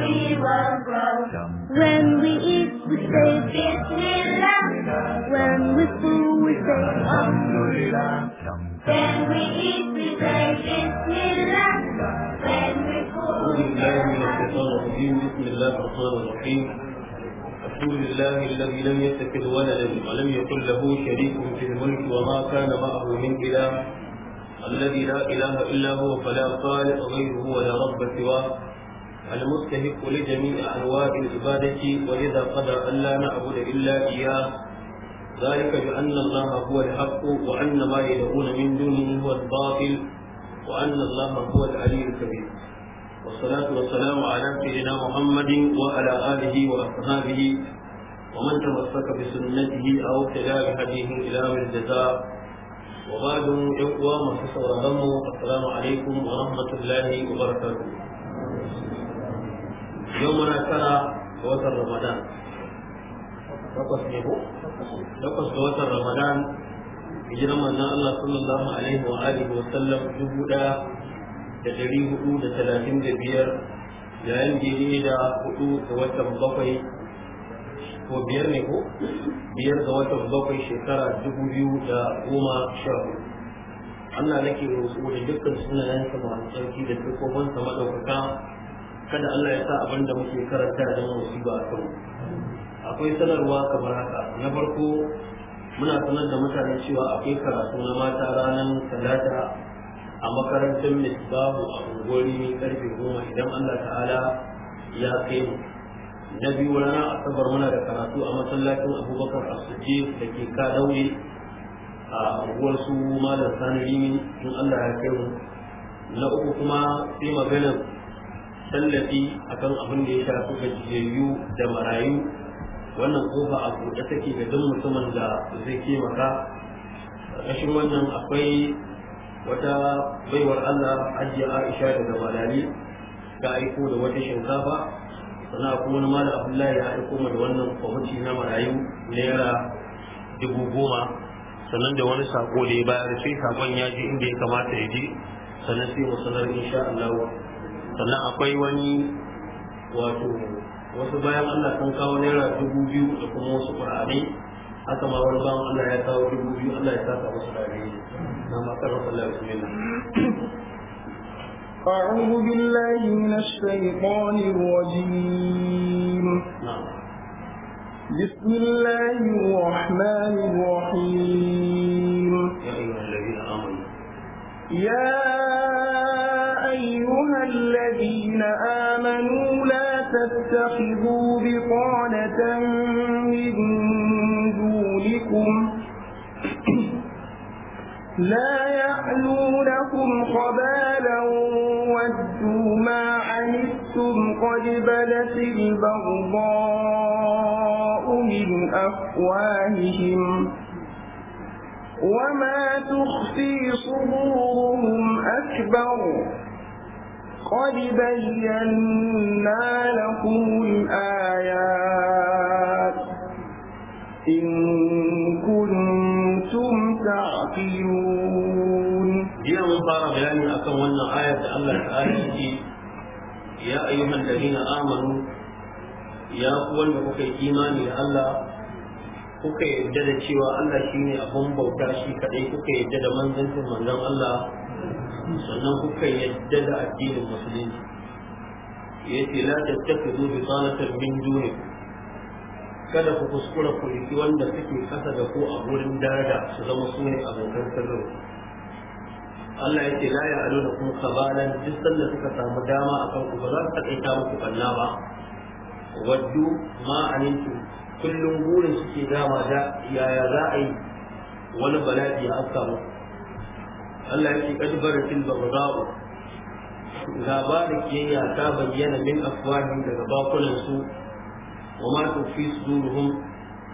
we will grow. When we eat, we say Bismillah. When we fool, we say Alhamdulillah. When we eat, we say Bismillah. When we fool, we say Alhamdulillah. الحمد لله الذي لم يتخذ ولدا ولم يكن له شريك في الملك وما كان معه من إله الذي لا إله إلا هو فلا خالق غيره ولا رب سواه المستحق لجميع أنواع العبادة ولذا قدر أن لا نعبد إلا إياه ذلك بأن الله هو الحق وأن ما يدعون من دونه هو الباطل وأن الله هو العلي الكبير والصلاة والسلام على سيدنا محمد وعلى آله وأصحابه ومن تمسك بسنته أو ابتدى بهديه إلى من الجزاء وبعد يقوى مخصص السلام عليكم ورحمة الله وبركاته yau muna tara ga watan ramadan takwas ne ko takwas ga watan ramadan hijiran manzon Allah sallallahu alaihi wa alihi wa sallam dubu da da dari hudu da talatin da biyar yayin daidai da hudu da watan bakwai ko biyar ne ko biyar ga watan bakwai shekara dubu biyu da goma sha hudu Allah nake roƙo da dukkan sunayensa masu tsarki da tukobansa maɗaukaka kada Allah ya sa abin da muke karanta da musiba a kan akwai sanarwa kamar haka na farko muna sanar da mutane cewa akwai karatu na mata ranar talata a makarantar misbahu a unguwari mai karfe goma idan Allah ta'ala ya kai mu na biyu ranar asabar muna da karatu a masallacin abubakar asuje da ke kadauye a unguwar su malam sani rimi in Allah ya kai mu na uku kuma sai maganar tallafi akan abin da ya shafi gajiyayyu da marayu wannan kofa a buɗe take ga duk mutumin da zai taimaka ƙarƙashin wannan akwai wata baiwar Allah ajiya Aisha daga Malali ta aiko da wata shinkafa sannan kuma wani malam Abdullahi ya aiko da wannan kwamiti na marayu naira dubu goma sannan da wani sako da ya bayar sai sakon ya je inda ya kamata ya je sannan sai mu sanar insha Allah sannan akwai wani wato wasu bayan Allah sun kawo naira dubu biyu da kuma wasu ƙur'ani haka ma wani bayan Allah ya kawo dubu biyu Allah ya saka wasu rari na makar Allah ya sumi أعوذ بالله من الشيطان الرجيم بسم الله الرحمن الرحيم يا أيها الذين آمنوا لا تتخذوا بطانة من دونكم لا يعلونكم خبالا ودوا ما عنتم قد بلت البغضاء من أفواههم وما تخفي صدورهم أكبر قد بينا لكم الآيات إن كنتم تعقلون يا مبارك لأني أكون آية الله تعالى يا أيها الذين آمنوا يا أول ما إيماني الله kuka yarda da cewa Allah shi ne abin bauta shi kadai kuka yarda da manzancin manzan Allah sannan kuka yarda da addinin musulunci ya ce la tattakizu bi sanatan min duni kada ku kuskura ku riki wanda suke kasa da ku a gurin daraja su zama su ne abokan sirrin Allah ya ce la ya kuka kuma kabalan duk sanda suka samu dama kan ku ba za su taƙaita muku banna ba waddu ma anintu kullum burin suke dama da yaya za a yi wani bala'i ya afka mu Allah yake kadbarin fil Ga ba da kiyayya ta bayyana min afwahin daga bakunan su wa ma tufi suduruhum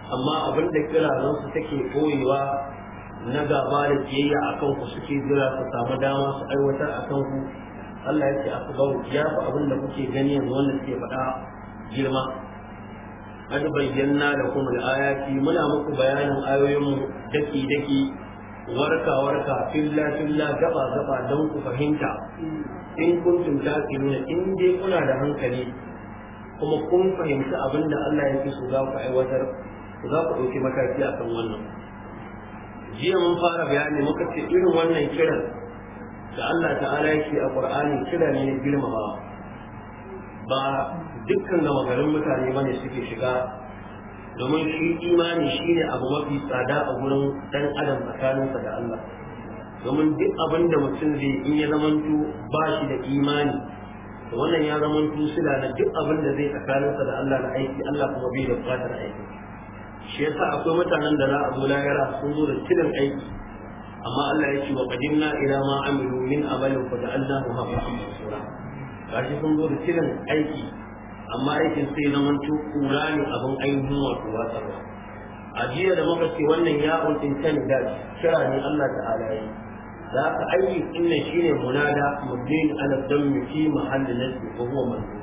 amma abin da kirazan su take koyewa na gaba da kiyayya akan ku suke jira su samu dama su aiwatar akan ku Allah yake akbar ya fi abin da kuke gani yanzu wanda suke faɗa girma an bayyana da kuma ayati muna muku bayanin ayoyinmu daki daki warka warka filla filla gaba gaba don ku fahimta in kuntum dakilun in dai kuna da hankali kuma kun fahimci abin da Allah ya fi za ku aiwatar mataki a wannan jiya mun fara bayani muka ce irin wannan kiran da Allah ta'ala yake a ƙur'ani, kira ne girmamawa ba dukkan gama garin mutane bane suke shiga domin shi imani shine abu mafi tsada a gurin dan adam tsakaninsa da Allah domin duk abin da mutum zai in ya zamanto ba shi da imani to wannan ya zamanto sila na duk abin da zai tsakaninsa da Allah na aiki Allah kuma bai da bukatar aiki shi yasa akwai mutanen da za a zo lahira sun zo da tilin aiki amma Allah ya ce wa qadimna ila ma amilu min amalin fa ja'alnahu haba'an mansura gashi sun zo da tilin aiki amma aikin sai na zamanto kura ne abin ainihin wato watsarwa a jiya da muka ce wannan ya ɗin can da kira ne Allah ta'ala ya za da aka aiki shi ne munada mudin ala don fi mahalli na wa huwa manzur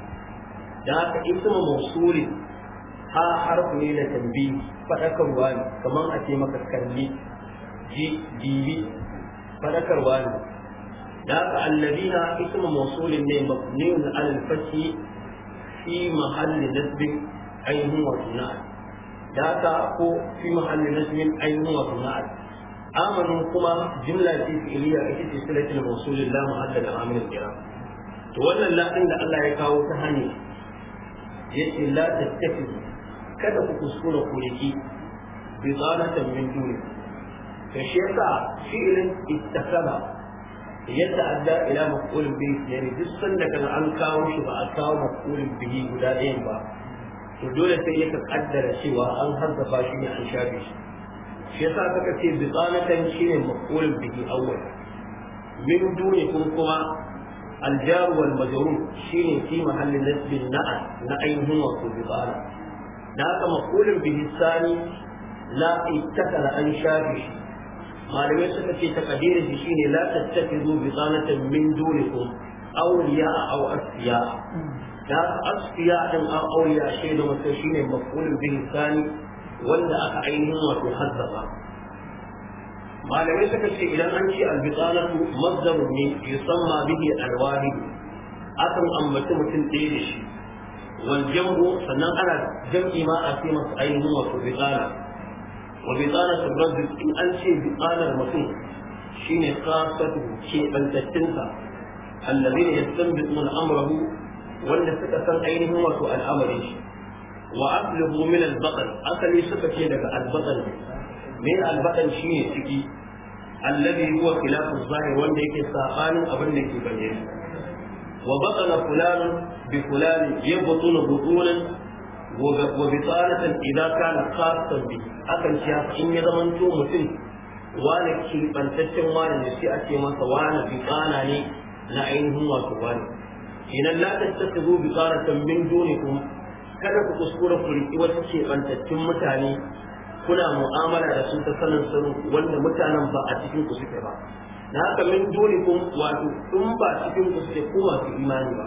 da aka kuma mawsuli ha harfi ne na tambayi fadakarwa ne kamar a ce maka kalli ji dibi fadakarwa ne da aka allabina ismu mawsulin ne mabniun ala al-fathi fi mahalli nasbin ainihin wa da haka ko fi mahalli nasbin ainihin wa suna'at kuma jimla ce fi'iliya ita ce silatul mawsulin la mahalla da amilin kira to wannan lafin da Allah ya kawo ta hanyar yace la tattafi kada ku kuskura ku riki bi tsanatan min duni يتعدى إلى مفعول به yani duk sanda kan an kawo shi ba a kawo maf'ulin bihi guda ɗayan ba to dole sai ya kaddara cewa an hazzafa shi ne an shafe shi shi yasa kaka ce bizanatan shine maf'ulin bihi awwal min duni kun kuma aljar wal majrur shine fi mahallin nasbin na'a na ainihin wato bizana da haka maf'ulin bihi sani la ittakala an shafe shi malamai suka ce takadirin shi shine la tattakizu bi zanatan min dunikum awliya aw asfiya da asfiya din an awliya shi da wato shine maf'ulun bihi sani wanda aka ainihin wato hazzaba malamai suka ce idan an ce albizanatu mazdarun ne yusamma bihi alwahid akan ambaci mutum ɗaya da shi wal jam'u sannan ana jam'i ma a ce masa ainihin wato bizana wa bitsanar rajul in an ce bitsanar mutum shine qasatu ke bantattinsa allazina yastanbituna amrahu wanda suka san ainihin wato al'amarin shi wa aslihu min al-batn asali suka ce daga al-batn min al-batn shine ciki alladhi huwa khilafu zahir wanda yake sabanin abin da ke bayyana wa batana fulan bi wa bitaratan idan kana khasan bi akan ci in ya zaman to mutum wani kibantaccen wani ne sai a ce masa wani bitana ne na ainihin wato wani idan la tattakhudhu bitaratan min dunikum kada ku kuskura ku wasu kibantaccen mutane kuna mu'amala da su ta sanin wanda mutanen ba a cikin suke ba na wato ba masu imani ba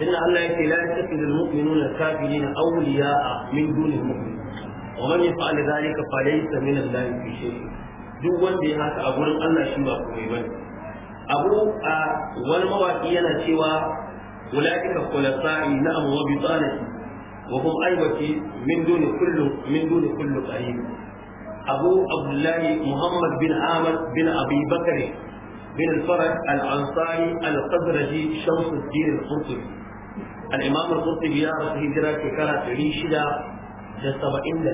inna Allah yake la yattakhidhu al-mu'minuna al-kafirina awliya'a min duni al-mu'min wa man yaf'al dhalika falaysa duk wanda ya haka a gurin Allah shi ba komai bane abu a wani mawaki yana cewa ulaika khulasa'i na'am wa bi wa hum aibati min duni kullu min duni kullu qarib abu abdullahi muhammad bin ahmad bin abi bakr bin الفرج الأنصاري القزرجي شمس الدين al-imam al ya rasu hijira shekara ɗari bayan da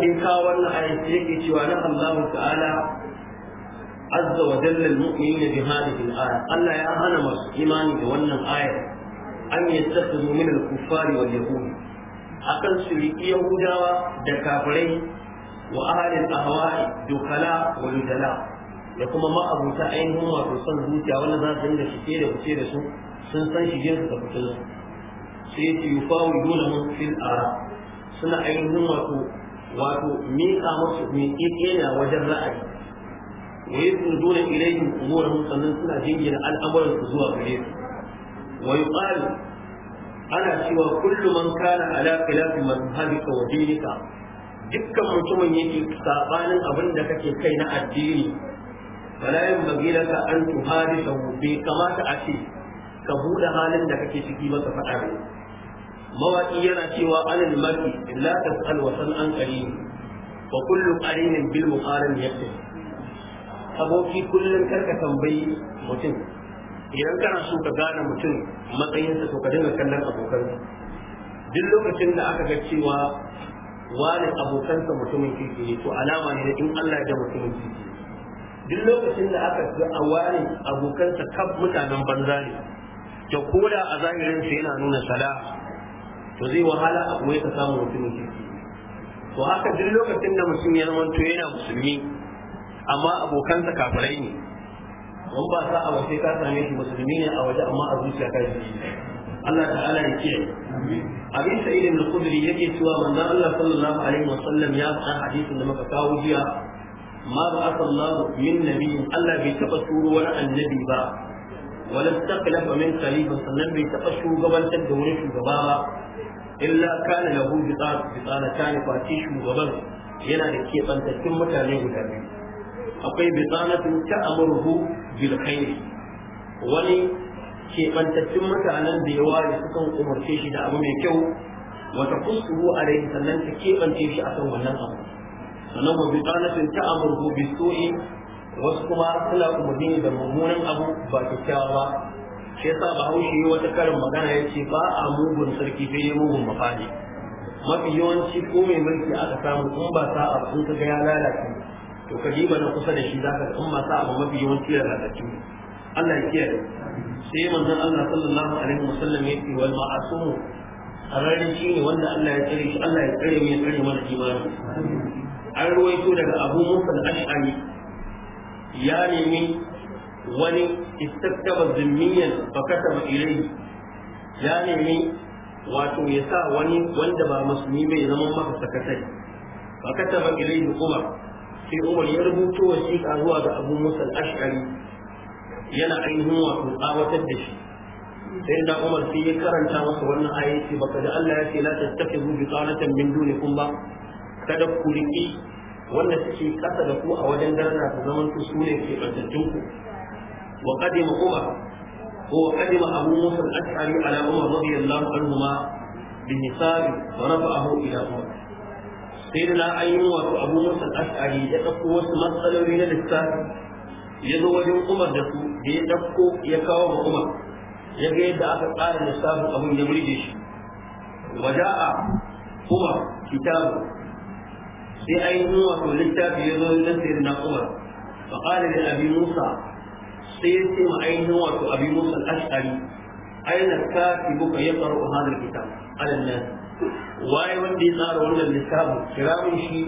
ya kawo wannan ayat yake cewa na Allah ta'ala azza wa jalla al-mu'minina bi hadhihi al Allah ya hana masu imani da wannan ayar, an yattakhidhu min al-kuffari wal yahud akan su riƙi yahudawa da kafirai wa a ahwa'i dukala wa ludala da kuma ma'abuta ainihin wato san zuciya wanda za su dinga shige da wuce da su sun san shi jinsu da fitinsu sai ya ce yufawu dole mun fil ara suna ainihin wato wato miƙa masu miƙeƙena wajen ra'ayi wa yi sun dole ilayin umurahun sannan suna jingina al'amuran su zuwa gare su wa yuqalu ana cewa kullum man kana ala khilafi mazhabika wa dinika dukkan mutumin yake sabanin abin da kake kai na addini fala yan bagilaka an tuhadisahu bai kamata a ce ka buɗe halin da kake ciki maka faɗa ne mawaƙi yana cewa alal mar'i la tas'al wa san an qarin wa kullu qarinin bil muqarin yaqti aboki kullum karka tambayi mutum idan kana so ka gane mutum matsayinsa to ka dinga kallon abokan duk lokacin da aka ga cewa wani abokansa mutumin kirki ne to alama ne in Allah da mutumin kirki duk lokacin da aka ga a wani abokansa kan mutanen banza ne to koda a zahirin sa yana nuna sala to zai wahala a kuma ka samu mutumin kirki to haka duk lokacin da mutum ya zama to yana musulmi amma abokansa kafirai ne don ba sa a wace ka same shi musulmi ne a waje amma a zuciya ka shi Allah ta'ala ya kiyaye abin sa'id ibn khudri yake cewa manzon Allah sallallahu alaihi wasallam ya faɗa hadisin da muka kawo jiya ma ba'atha Allah min nabiyyin Allah bai taba turo wani annabi ba ولم تخلف من خليفه سنن بي تقشو غبن تدوري شغبا با الا كان له بطاقه بطاقه كان فاتي شغبا yana da keɓantattun mutane guda biyu akwai bizanatun ta amurhu bilkhairi wani keɓantattun mutanen da yawa ya sukan umarce shi da abu mai kyau wata kusuru a rai sannan ta keɓance shi akan wannan abu sannan ma bizanatun ta amurhu bisoyi wasu kuma suna umarni da mummunan abu ba kyakkyawa ba shi yasa bahaushe wata karin magana ya ce ba a mugun sarki sai dai mugun mafadi mafi yawanci ko mai mulki aka samu in ba sa abu in ka ga ya lalace to ka jiba na kusa da shi za ka in ba sa abu mafi yawanci ya lalace Allah ya kiyaye sai manzon Allah sallallahu alaihi wasallam ya ce wal ma'asumu tsararren shi ne wanda Allah ya tsare shi Allah ya tsare mai ya tsare mana imani an ruwaito daga Abu Musa al-Ash'ari ya nemi wani istaktaba zimmiyan ba kataba ilai ya nemi wato ya sa wani wanda ba musulmi bai zama maka sakatari ba kataba ilai umar sai umar ya rubuto wasiƙa zuwa ga abu musa ashari yana ainihin wato tsawatar da shi sai da umar sai ya karanta masa wannan ayaci baka da Allah ya ce la tattakizu bi qanatan min dunikum ba kada ku riki wanda suke kasa da ku a wajen daraja ku zaman ku su ne ke bantattun ku wa qadima umar ko wa qadima abu musa al-ash'ari ala umar radiyallahu anhu ma bi hisabi wa rafa'ahu ila umar sayyidina ayyu wa abu musa al-ash'ari ya dauko wasu matsaloli na lissafi ya zo wajen umar da su da ya dauko ya kawo wa umar ya ga yadda aka tsara lissafin abin ya burge shi Wa waja'a kuma kitabu sai ainihin wato littafi ya zo na sai na umar fa qala da abi musa sai ya ce ma ainihin wato abi musa al-ash'ari aina katibuka yaqra'u hadha al-kitab ala an-nas waye wanda ya tsara wannan littafin kira min shi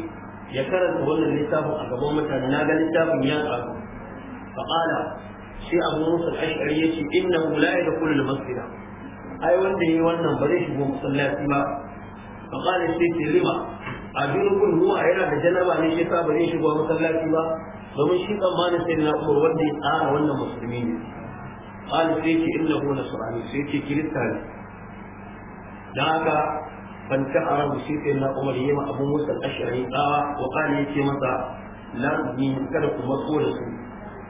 ya karanta wannan littafin a gaban mutane na ga littafin ya tsaro fa qala sai abu musa al-ash'ari ya ce innahu la yadkhulu al-masjida ai wanda yi wannan ba zai shigo masallaci ba fa qala sai ce rima. a junubin ruwa yana da janaba ne shi ba zai shigo masallaci ba domin shi tsammanin sai na umar wanda ya tsara wannan musulmi ne qala sai ce innahu nasrani sai ce kirista ne dan haka ban ta arabu sai sai na umar yayi ma abu musa ashari tsawa wa qala yace masa la ni kada ku matso da su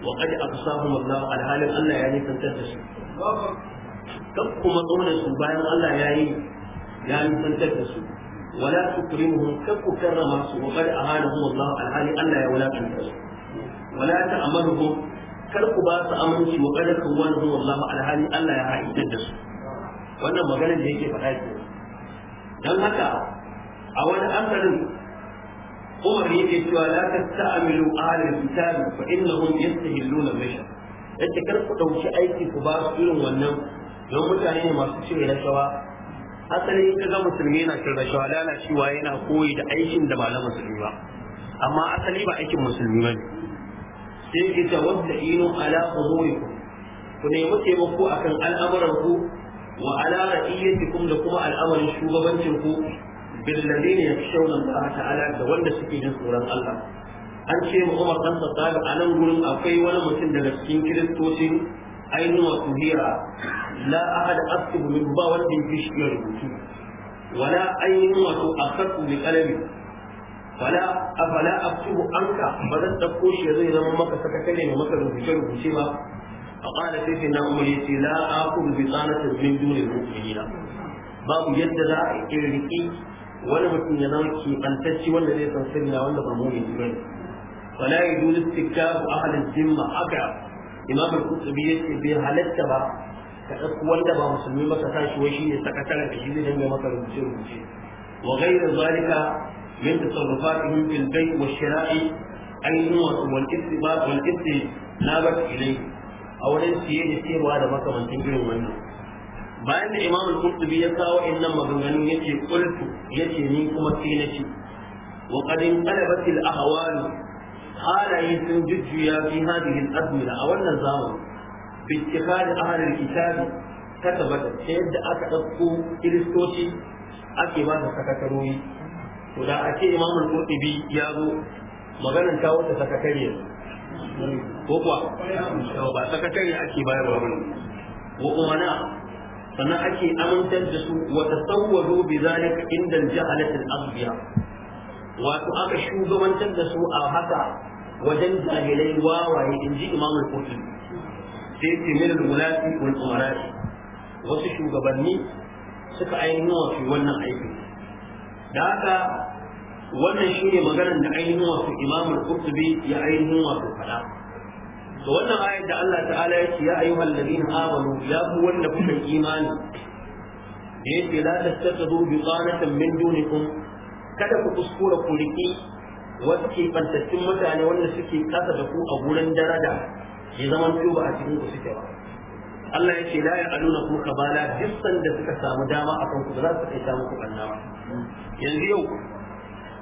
wa qad aqsahum Allah alhalin Allah ya yi tantar da su kan kuma tsaunar su bayan Allah ya yi ya yi tantar da su wala tukrimuhum kar ku karrama su wa qad ahanahum Allah alhali Allah ya wulakanta su wala ta'amaluhum kar ku ba su aminci wa qad kawwanahum Allah ya da su wannan maganar da yake faɗa ke Don haka a wani asalin Umar yake cewa la tasta'milu ahlul kitab fa innahum yastahilluna bashar yace kar ku dauki aiki ku ba su irin wannan don mutane ne masu cire rashawa asali ka ga musulmi na cin rashawa lalacewa yana koyi da aikin da ba na musulmi ba amma asali ba aikin musulmi ba ne sai ki ta inu ala ku nemi taimako akan al'amuran ku wa ala da kuma al'amarin shugabancin ku billadina yakshawna Allah ta'ala da wanda suke jin tsoron Allah an ce mu Umar dan a nan gurin akwai wani mutum daga cikin Kiristoci ainuwa wasu la ahada aktubu min ba wanda shi ya rubutu wala ainihin wato asaku bi qalami wala afala anka ba zan dauko shi zama maka sakatare maka ba فقال سيدنا عمر لا اخذ بطانه من دون المؤمنين babu yadda za a kirki wani mutum ya zama kibantacci wanda zai san sirna wanda ba mumin ba ne wala yudul istikabu ahli zimma haka bai halarta ba ka ɗauko wanda ba musulmi maka sa shi wai shine sakataren da shi zai dinga maka rubuce rubuce wa ghayra zalika min tasarrufatihim fil bay' wa shira'i ainihin wato wal istibat wal istinabat ilayhi a wurin siye da siyarwa da makamantan irin wannan bayan da imam al-qurtubi ya kawo innan maganganun yace qultu yace ni kuma sai na ce wa qad inqalabat al-ahwal halaye sun jujjuya fi hadhihi al-azmina a wannan zamani bittifari ahalin kitabi ta tabbata ta yadda aka ɗauko kiristoci ake ba ta sakatarori da ake imamul qurtubi ya zo maganar wata sakatare ko kuwa ba sakatare ake bayarwa ba wa umana sannan ake amintar da su inda wato aka shugabantar da su a haka wajen jahilai wawaye inji imamul qurtubi sai ce min al-mulati wal umarati wasu shugabanni suka ainihin wasu wannan aiki da haka wannan shine maganar da ainihin wasu imam al-qurtubi ya ainihin wasu fada to wannan ayat da Allah ta'ala ya ce ya ayyuhal ladina amanu ya ku wanda kuka imani da yake la tattakhudhu biqanatan min dunikum kada ku kuskura ku riki wasu ke mutane wanda suke kasa da ku a gurin darada. ya zama biyu ba a cikin ku suke ba Allah ya ce la ya aluna ku kabala dukkan da suka samu dama a kanku ba za su kai samu ku annawa yanzu yau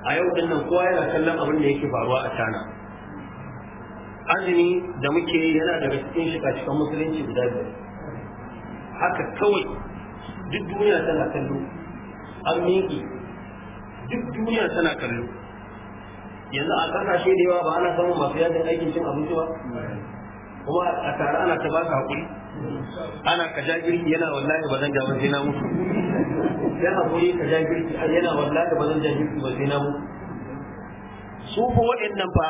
a yau din nan kowa yana kallon abin da yake faruwa a China azumi da muke yana daga cikin shiga cikin musulunci guda biyar haka kawai duk duniya tana kallo an miƙi duk duniya tana kallo yanzu a kasashe da yawa ba ana samun masu yajin aikin cin abinci ba kuma a tare ana ta baka hakuri ana ka ja girki yana wallahi ba zan ja ba musu, na mutu sai hakuri ka ja girki yana wallahi ba zan ja ba sai na mutu su fa waɗannan fa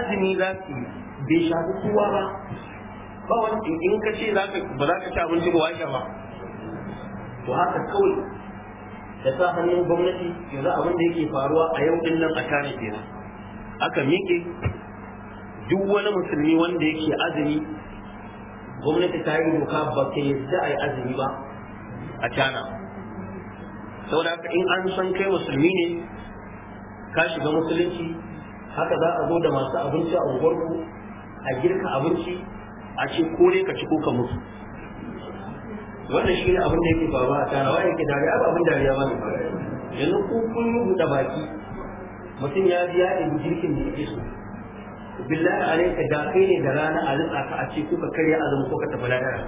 azumi za su bai shafi kowa ba ba wani in ka ce ba za ka ci abinci ba washe ba to haka kawai da sa hannun gwamnati yanzu abin da yake faruwa a yau din nan a tare kenan aka miƙe duk wani musulmi wanda yake azumi gwamnati ta yi doka ba ta yadda a yi azumi ba a cana saboda haka in an san kai musulmi ne ka shiga musulunci haka za a zo da masu abinci a unguwarku a girka abinci a ce ne ka ci ko ka mutu wannan shi ne abin da yake faruwa a cana wa yake dariya ba abin dariya ba ne yanzu ku kun rubuta baki mutum ya biya in jirgin girkin da yake so billahi alayka da kai ne da rana a rinsa a ce kuka karya azumi ko ka tafi ladara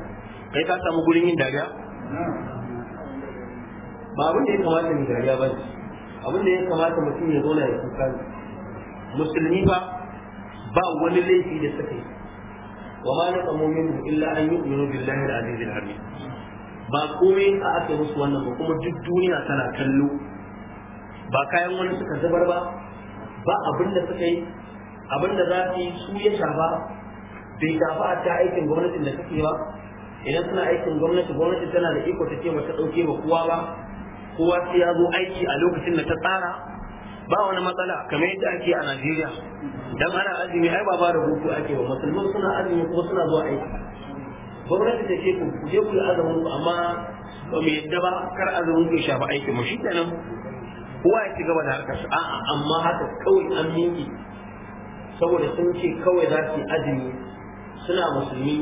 kai ka samu gurin yin dariya ba abin da ya kamata ni dariya ba ne abin da ya kamata mutum ya zo na ya kuka musulmi ba ba wani laifi da suka yi wa ma na kamo min illa an yi umaru billahi da azizil hamid ba komai a aka musu wannan ba kuma duk duniya tana kallo ba kayan wani suka zubar ba ba abin da suka yi abin da za su yi su ya shafa bai shafa a ta aikin gwamnatin da kake ba idan suna aikin gwamnati gwamnati tana da iko ta ce ba ta ɗauke ba kowa ba kowa sai ya zo aiki a lokacin da ta tsara ba wani matsala kamar yadda ake a Najeriya dan ana azumi ai ba ba da hutu ake ba musulman suna azumi kuma suna zuwa aiki gwamnati ta ce ku je ku yi azumin ku amma ba mu yadda ba kar azumin ku shafa aikin mu shi kenan kowa ya ci gaba da harkar a'a amma haka kawai an minki saboda sun ce kawai za su yi azumi suna musulmi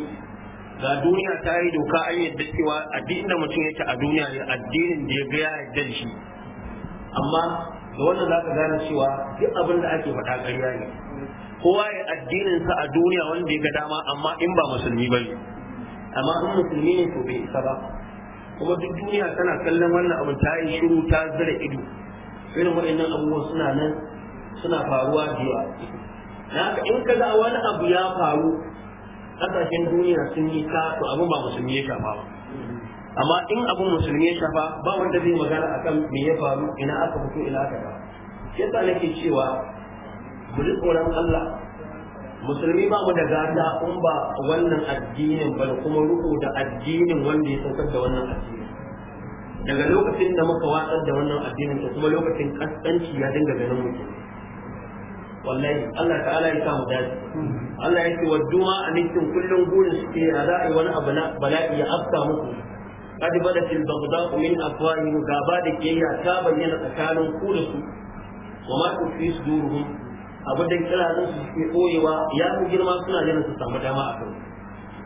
ga duniya ta yi doka an yadda cewa addinin da mutum yake a duniya ne addinin da ya ga ya yadda shi amma da wannan za ka gane cewa duk abin da ake faɗa ƙarya ne kowa ya addininsa a duniya wanda ya ga dama amma in ba musulmi ba ne amma in musulmi ne to bai isa ba kuma duk duniya tana kallon wannan abin ta yi shiru ta zira ido irin waɗannan abubuwan suna nan suna faruwa jiya. na haka in kaga wani abu ya faru kasashen duniya sun yi kasu abu ba musulmi ya shafa ba amma in abu musulmi ya shafa ba wanda zai magana akan me ya faru ina aka fito ina aka ba yasa nake cewa mu ji tsoron Allah musulmi ba mu da gata in ba wannan addinin ba kuma ruku da addinin wanda ya saukar da wannan addinin. daga lokacin da muka watsar da wannan addinin to kuma lokacin kasanci ya dinga ganin mutum wallahi Allah ta'ala ya samu dadi Allah yake waddu a amintum kullun gurin suke ya za a wani abu na bala'i ya afka muku qad badat bagda baghda'u min afwahihim gaba da kiyaya ta bayyana tsakanin ku da su wa ma tufi suduruhum abu da kiranin su suke koyewa ya mu girma suna jiran su samu dama a kai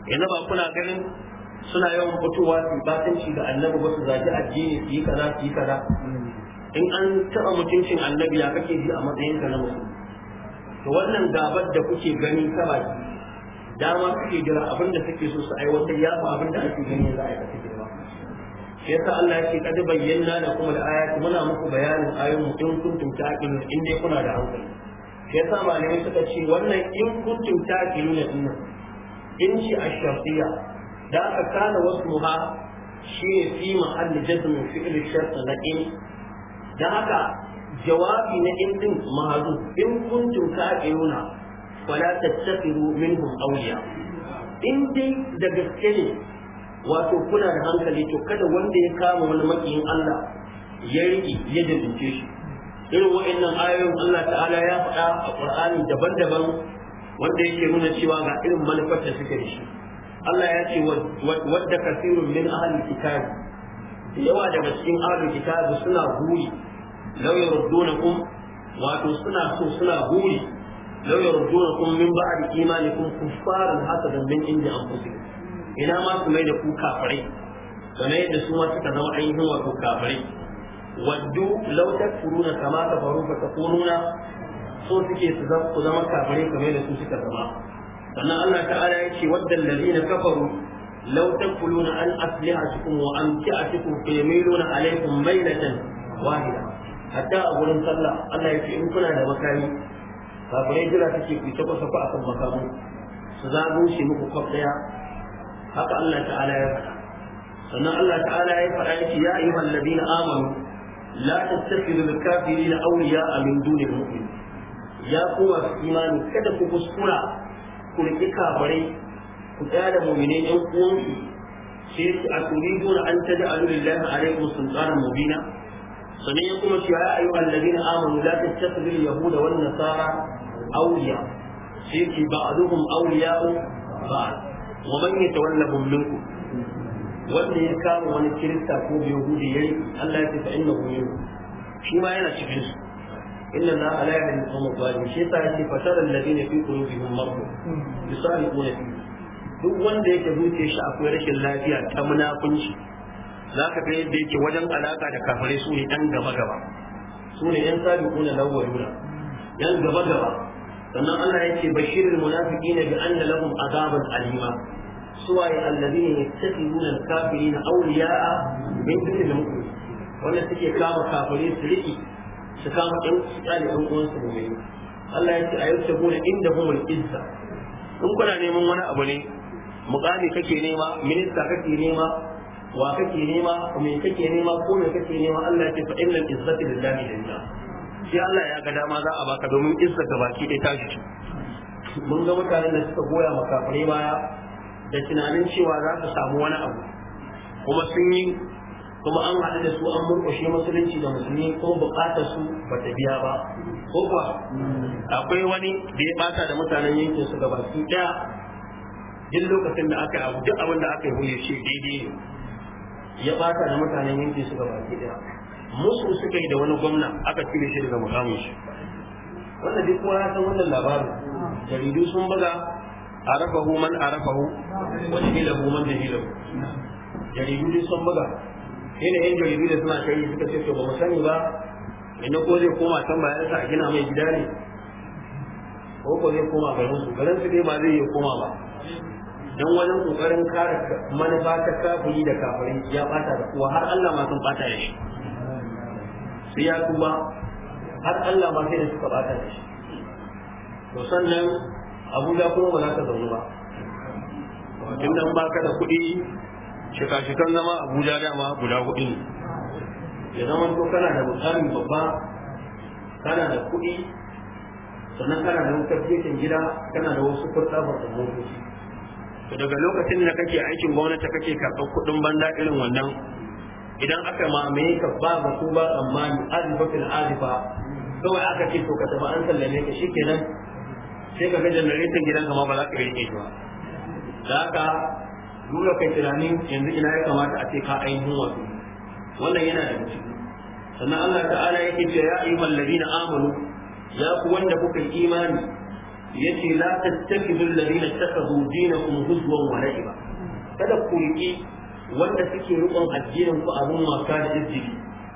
yanzu ba kuna ganin suna yawan fitowa su batunci ga annabi ba su zaki addini su yi kaza su yi kaza in an taɓa mutuncin annabi ya kake ji a matsayin ka na musulmi to wannan gabar da kuke gani sama baki dama suke jira abin da suke so su aiwatar ya fa abin da ake gani za a aikata ke ba shi yasa Allah ya ce kad bayyana da kuma da ayati muna muku bayanin ayoyin in kuntum taqilun in dai kuna da hankali shi yasa malamai suka ce wannan in kuntum taqilun din in shi ash-shafiya da aka kana wasmuha shi ne fi mahalli jazmin fi'il shart na in da haka jawabi na in din mahazu in kuntum ta'qiluna fala tattakhiru minhum awliya in dai da gaske ne wato kuna da hankali to kada wanda ya kama wani makiyin Allah ya riƙe ya jabince shi irin wa'annan ayoyin Allah ta'ala ya faɗa a Qur'ani daban-daban wanda yake nuna cewa ga irin manufar da suke shi Allah ya ce wadda yawa daga cikin ahli kitab suna guri law yurdunakum wato suna so suna buri law yurdunakum min ba'di imanikum kuffaran hasadan min inda anfusikum ina ma su mai da ku kafare, kamar yadda su ma suka zama ainihin wato kafirai waddu kuru na kama ta fa takununa so suke su zama kafare kamar yadda su suka zama sannan Allah ta'ala ya ce wadda allazina kafaru kuru na an a aslihatukum wa amti'atukum fa yamiluna alaykum maylatan wahida hatta a gurin sallah Allah ya ce in kuna da makami kafirai jira take ku ta kusa ku akan makamu su zago shi muku kwaf daya haka Allah ta'ala ya faɗa sannan Allah ta'ala ya faɗa yake ya ayyuhal ladina amanu la tattakhidul kafirina awliya'a min dunil mu'minin ya ku masu imani kada ku kuskura ku riƙi kafirai ku tsaya da mu'minai 'yan uwanku sai a turidu an taja alulillahi alaikum sultanan mubina sannan ya kuma cewa ya ayyuha alladhina amanu la tattakhidhu al-yahuda wan nasara awliya sai ki ba'duhum awliya'u ba'd wa man yatawallahum minkum wanda ya kama wani kirista ko yahudi yayi Allah ya tafi innahu minkum shi ma yana cikin su إن الله لا يعلم القوم الظالمين شيء تعالى فترى الذين في قلوبهم مرض يصارعون fi duk wanda yake zuciya shi akwai rashin lafiya ta munafunci za ka ga yadda yake wajen alaka da kafirai su ne ɗan gaba gaba su ne yan sabiquna lawwaluna yan gaba gaba sannan Allah ya ce bashirin bashirul munafiqina bi anna lahum azaban alima ne ya suwaye alladhina yattakhiduna al-kafirina awliya'a min da muku. wanda suke kama kafirai su riki su kama ɗan su tsale ɗan uwansu mu'mini Allah ya yake ayyutabuna indahumul izza in kuna neman wani abu ne mukami kake nema minista kake nema wa kake nema me kake nema ko me kake nema Allah ya ce fa innal izzati lillahi jami'a shi Allah ya ga dama za a baka domin izza da baki dai tashi mun ga mutanen da suka goya makafare baya da tunanin cewa za su samu wani abu kuma sun yi kuma an haɗu da su an murƙushe musulunci da musulmi ko buƙatar su ba ta biya ba ko kuwa akwai wani da ya ɓata da mutanen yankin su ɗaya duk lokacin da aka yi abu duk abin da aka yi huye shi daidai ne ya bata da mutanen yanki su gaba baki daya musu suka yi da wani gwamna aka cire shi daga mukamin shi wanda duk kowa ya san wannan labarin jaridu sun buga a rafa man wani hila jahilahu man jahilahu jaridu dai sun buga ina yin jaridu da suna kai suka ce to ba mu sani ba ina ko zai koma can bayansa a gina mai gida ne ko ko zai koma garin su garin su dai ba zai iya koma ba dan wajen kokarin kare manufa ta kafiri da kafirin ya bata da kuwa har Allah ma sun bata da shi sai ya kuma har Allah ma sai da suka bata da shi to sannan Abuja kuma ba za ta zaune ba tun dan baka da kuɗi shika-shikan zama Abuja dama guda kuɗi ne ya zama to kana da mutane babba kana da kuɗi sannan kana da wutar gida kana da wasu furta ba da motoci daga lokacin da kake aikin gwamnati kake karɓar kuɗin banza irin wannan idan aka mamaye ka ba ga ku ba tsammani azifa fil azifa kawai aka ce to ka tafi an sallame ka shikenan sai ka ga janareton gidan ma ba za ka rike shi ba da haka dole kai tunanin yanzu ina ya kamata a ce ka ainihin wasu wannan yana da ciki sannan Allah ta'ala yake cewa ya ayyuhal ladina amanu ya ku wanda kuka imani yace la tattakibul ladina takabu dinakum huzwan wa la'iba kada ku riki wanda suke rikon addinin ku abun wasa da izini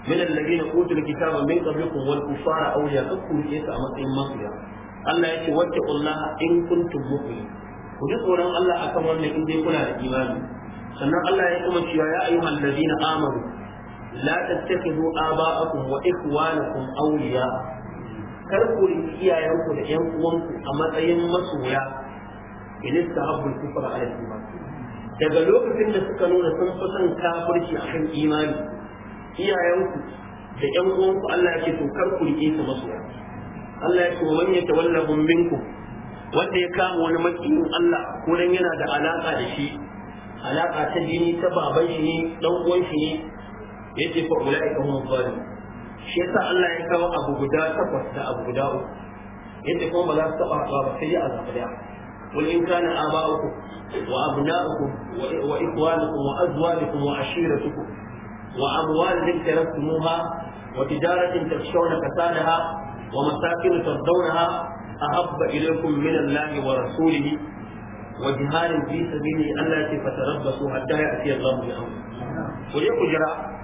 min alladina utul kitaba min qablikum wal kufara awliya ku rike su a matsayin masoya Allah yace wattaqullaha in kuntum mu'minin ku ji tsoron Allah akan wannan in dai kuna da imani sannan Allah ya kuma cewa ya ayyuhal ladina amanu la tattakhidhu aba'akum wa ikhwanakum awliya kar ku riki iyayenku da ƴan uwanku a matsayin masoya idan ta habbul kufar aiki iman daga lokacin da suka nuna sun fi son kafirci akan imani iyayenku da ƴan uwanku Allah ya ce to kar ku riki su masoya Allah ya ce man yatawallahum minkum wanda ya kama wani makiyin Allah ko dan yana da alaka da shi alaka ta jini ta baban shi ne dan uwan shi ne yace fa ulai hum zalimun shi yasa Allah ya kawo abu guda takwas da abu guda uku yadda kuma ba za su taba haɗuwa ba sai ya azaba da kun in kana aba uku wa abna uku wa ikwanukum wa azwajukum wa ashiratukum wa amwalin taraktumuha wa tijaratin tashawna kasadaha wa masakin tardawnaha ahabba ilaykum min Allah wa rasulih wa jihadin fi sabilillahi Allah ya fatarabbasu hatta ya'tiya Allah bi amrihi ku je ku jira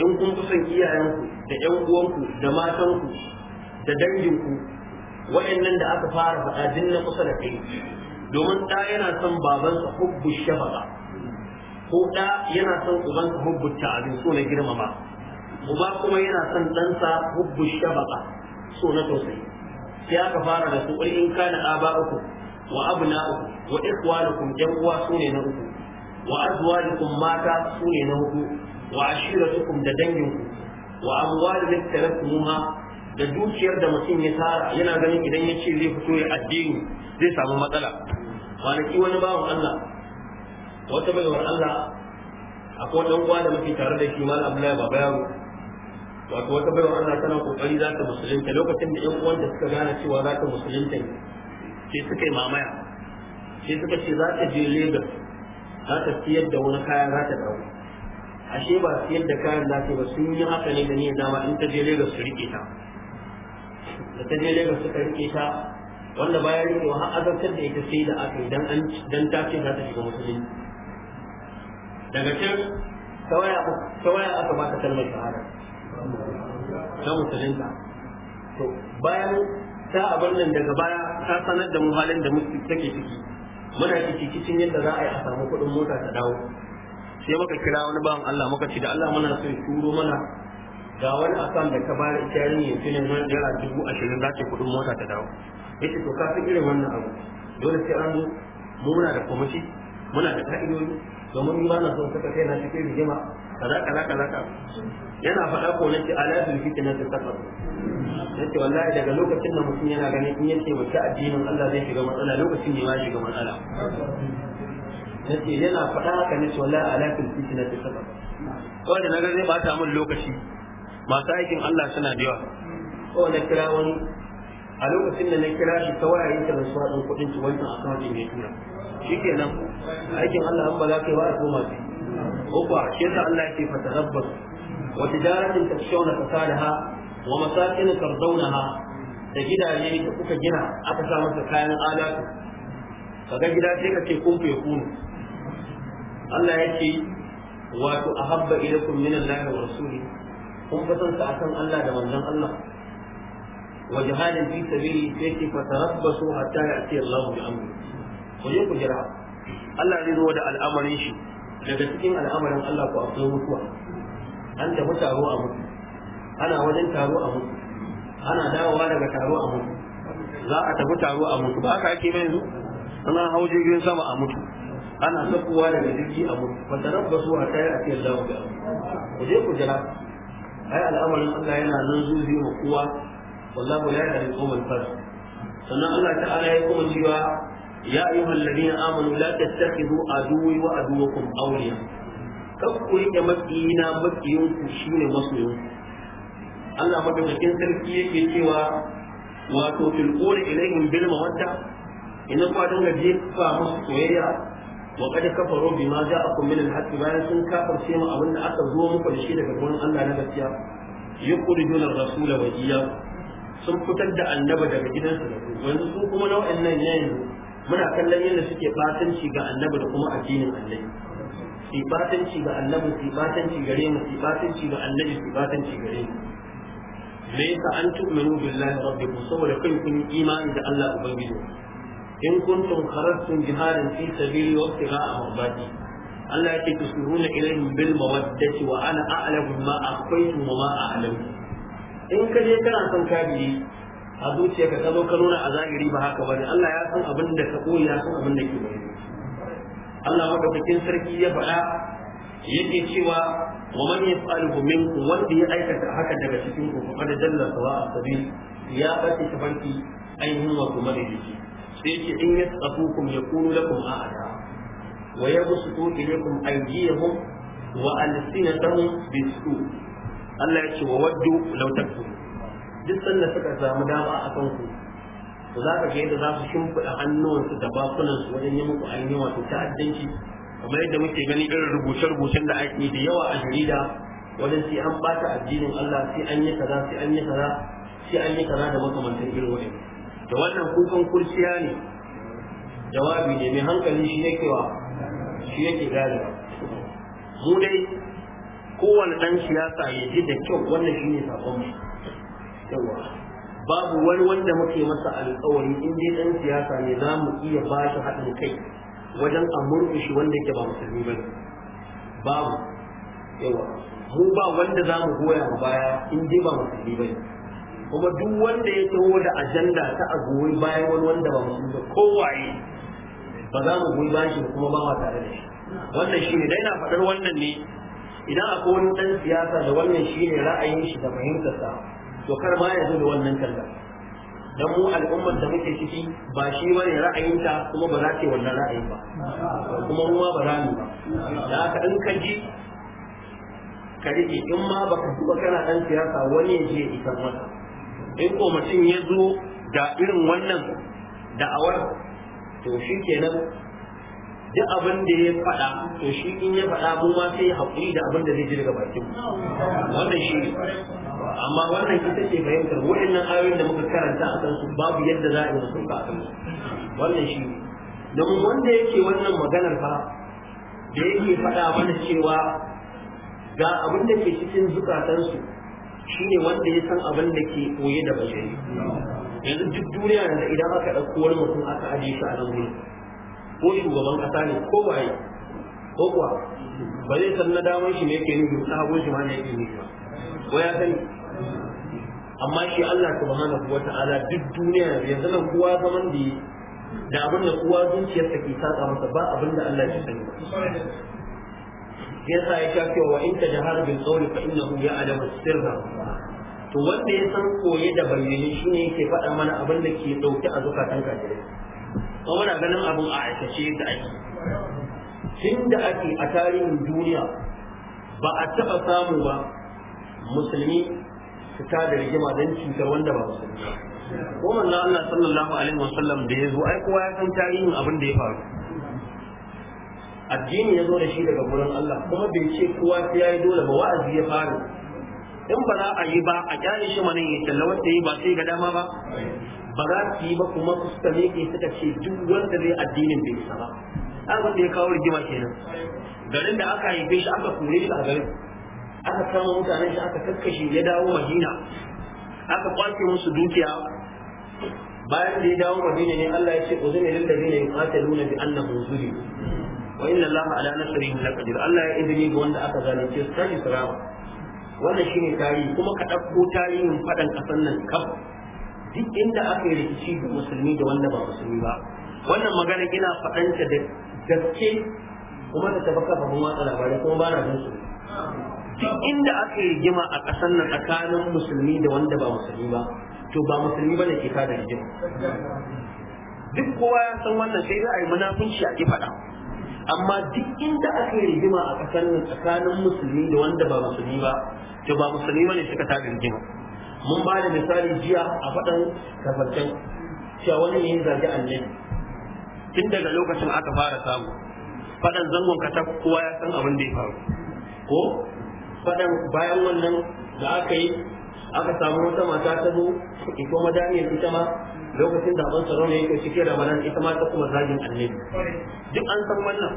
in kun fi son iyayenku da ƴan uwanku da matanku da danginku wa'annan da aka fara faɗa din na kusa da kai domin ɗa yana son babansa hubbu shafaka ko ɗa yana son ubansa hubbu ta'azin so na girmama uba kuma yana son ɗansa hubbu shafaka so na tausayi sai aka fara da su in kana aba'uku wa uku, wa ikwanukum ƴan uwa sune na uku wa azwajukum mata sune na hudu wa ashiratukum da danginku wa amwalin talaktumuha da dukiyar da mutum ya tara yana ganin idan ya ce zai fito ya addini zai samu matsala kwanaki wani bawan Allah wata baiwar Allah akwai dan uwa da muke tare da shi mal Abdullahi baba yaro wato wata baiwar Allah tana kokari za ta musulunta lokacin da ƴan uwanta suka gane cewa za ta musulunta ke suka yi mamaya sai suka ce za ta je Lagos za ta siyar da wani kaya za ta dawo ashe ba su yadda kayan lafiya ba sun yi haka ne da niyyar dama in ta je Lagos su rike ta da ta je Lagos suka rike ta wanda bayan rike wa azabtar da ita sai da aka yi dan an dan ta ce za ta shiga musulunci daga can tawaya aka ba ta kalmar shahada na musulunta to bayan ta abin nan daga baya ta sanar da mu halin da musulunci take ciki muna ciki cikin yadda za a yi a samu kuɗin mota ta dawo sai muka kira wani bawan Allah muka ce da Allah muna son turo mana ga wani asan da ka bada ita yarinya filin wani naira dubu ashirin za ta kuɗin mota ta dawo yace to ka fi irin wannan abu dole sai an zo mu muna da kwamiti muna da ka'idoji domin ni ba na son saka kai na cikin rigima kaza kaza kaza ka yana faɗa ko ce alatul fitna ta saka yace wallahi daga lokacin da mutum yana ganin in yace wata addinin Allah zai shiga matsala lokacin ne ma shiga matsala nace yana faɗa haka ne wala alakin fitina ta sabab kawai da na zai bata min lokaci masu aikin Allah suna da yawa kawai na kira wani a lokacin da na kira shi ta waya yin karin suwa ɗin kuɗin wancan akawai mai tura shi ke nan, aikin Allah an ba za ka yi ba a koma su uku shi yasa Allah yake fatarabbas wa tijaratin da ha, wa masakin tardawnaha da gidaje da kuka gina aka sa masa kayan Ka ga gida sai ka ce kun feku Allah ya ce wato ahabba ilaykum min Allah wa rasuli kun fa san akan Allah da manzon Allah wa jihadin fi sabili sai ki fatarabbasu hatta ya'ti Allah bi amri ku je ku jira Allah zai zo da al'amarin shi daga cikin al'amarin Allah ku akwai mutuwa an tafi taro a mutu ana wajen taro a mutu ana dawowa daga taro a mutu za a tafi taro a mutu ba haka ake yanzu ana hau jirgin sama a mutu ana sakuwa daga jirgi a mutu ta ba su a tayar a cikin lamu da ku je ku jira ai al'amarin Allah yana nan zuzi wa kowa wallahu la ya'lamu al-qawmal fasiq sannan Allah ta'ala ya kuma cewa ya ayyuhal ladina amanu la tattakhidhu aduwwi wa aduwwakum awliya kan ku rike makiyina makiyinku shine masoyinku Allah madaukakin sarki yake cewa wato tilqulu ilayhim bil mawadda idan ka dinga jefa musu soyayya wa qad kafaru bima ja'akum min al-haqq bayan sun kafirce mu abin da aka zo muku da shi daga gurin Allah na gaskiya yukhrijuna ar-rasula wa iyyakum sun fitar da annaba daga gidansu da ku yanzu su kuma nau'in nan yayin muna kallon yadda suke batanci ga annaba da kuma addinin annabi su batanci ga annabi su batanci gare mu su batanci ga annabi su batanci gare mu me yasa an tu'minu billahi rabbikum saboda kai kun imani da Allah ubangiji in kuntum kharajtum jihadan fi sabili wa ibtigha'a mardati Allah yake tusuruna ilayhim bil mawaddati wa ana a'lamu ma akhfaytum wa ma a'lamu in ka je kana son kabiri a zuciyarka ka zo ka nuna a zahiri ba haka bane Allah ya san abin da ka koyi ya san abin da ke bayyana Allah maka madaukakin sarki ya faɗa yake cewa wa man yaf'aluhu minkum wanda ya aikata haka daga cikin ku fa da jalla sawa asabi ya bace tafanki ainihin wa kuma da jiki sai ce in ya yasafukum yakunu lakum a'ada wa yabsutu ilaykum aydiyahum wa alsinatahum bisu Allah ya ce wa waddu law takfurun duk sanda suka samu dama a kan ku to za ka ga yadda za su shimfiɗa hannuwansu da bakunansu wajen yi muku ainihin wato ta'addanci kamar yadda muke gani irin rubuce-rubucen da ake da yawa a jarida wajen sai an bata addinin Allah sai an yi kaza sai an yi kaza sai an yi kaza da makamantan irin wa'in da wannan kusan kurciya ne jawabi ne mai hankali shi yake wa shi yake gane mu dai kowane ɗan siyasa ya ji da kyau wannan shi ne sabon mu yawa babu wani wanda muke masa alƙawari in dai ɗan siyasa ne za mu iya ba shi haɗin kai wajen a murƙushe wanda yake ba musulmi ba babu yawa mu ba wanda za mu goya mu baya in dai ba musulmi ba ne kuma duk wanda ya taho da ajanda ta a goyi bayan wani wanda ba musulmi da kowaye ba za mu goyi bayan shi kuma ba wa tare da shi wannan shi ne dai na faɗar wannan ne idan akwai wani dan siyasa da wannan shi ne ra'ayin shi da fahimtar sa to kar ma ya da wannan kallon dan mu al'ummar da muke ciki ba shi bane ra'ayinta kuma ba za ta yi wannan ra'ayin ba kuma mu ma ba za mu ba da aka in ka ji ka rike in ma baka duba kana dan siyasa wani ya je ya isar masa in ko mutum ya zo da irin wannan da'awar to shi kenan duk abin da ya faɗa to shi in ya faɗa mu ma sai ya haƙuri da abin da zai ji daga bakin wannan shi amma wannan ita ce fahimtar waɗannan ayoyin da muka karanta a kansu babu yadda za a yi musu ba a wannan shi domin wanda yake wannan maganar fa da yake faɗa mana cewa ga abin da ke cikin zukatansu shine wanda ya san abin da ke koye da bashari yanzu duk duniya yanzu idan aka ɗauko wani mutum aka ajiye shi a nan wuri ko shugaban ƙasa ne ko waye ko kuwa ba zai san na damar shi ne yake nufi na hagun shi ma ne yake nufi ba ko ya sani amma shi Allah subhanahu ta'ala duk duniya yanzu nan kowa zaman da da abin da kowa zuciyarsa ke saka masa ba abin da Allah ya sani ba yasa ya ka cewa in ta jahar bil qawli fa innahu ya'lamu sirra to wanda ya san koye da bayyane ne yake faɗa mana abin da ke dauke a zukatan kafirai Kuma muna ganin abin a aikace da ake tun da ake a tarihin duniya ba a taɓa samu ba musulmi su ta da rigima don cutar wanda ba musulmi ko manzo Allah sallallahu alaihi wasallam da ya zo ai kowa ya san tarihin abin da ya faru addini ya zo da shi daga gurin Allah kuma bai ce kowa sai yayi dole ba wa'azi ya fara in ba za a yi ba a kyale shi manin ya talla wanda yi ba sai ga dama ba ba za su yi ba kuma fuska ne ke suka ce duk wanda zai addinin bai isa ba abin da ya kawo rigima kenan garin da aka haife shi aka kore shi a garin aka kama mutanen shi aka kakkashe ya dawo madina aka kwace musu dukiya bayan da ya dawo madina ne Allah ya ce uzuri lil ladina yuqatiluna bi annahum zulim wa inna allaha ala nasrihi laqadir Allah ya izini ga wanda aka zalunce su sai salama wannan shine tarihi kuma ka dauko tarihin fadan kasan nan kaf duk inda aka yi rikici da musulmi da wanda ba musulmi ba wannan magana ina faɗanta da gaske kuma da tabbata ba mun watsa labarai kuma ba na su duk inda aka yi rigima a ƙasar nan tsakanin musulmi da wanda ba musulmi ba to ba musulmi bane ke kada rigima duk kowa ya san wannan sai za a yi munafunci a ki faɗa amma duk inda aka yi rigima a ƙasar nan tsakanin musulmi da wanda ba musulmi ba to ba musulmi bane suka ta rigima mun ba da misali jiya a faɗan kafarcan cewa wani ne ya zagi annabi tun daga lokacin aka fara samu faɗan zangon kata kowa ya san abin da ya faru ko faɗan bayan wannan da aka yi aka samu wata mata ta zo ko kuma daniyar ita ma lokacin da abin tsaro ne yake da ramadan ita ma ta kuma zagin annabi duk an san wannan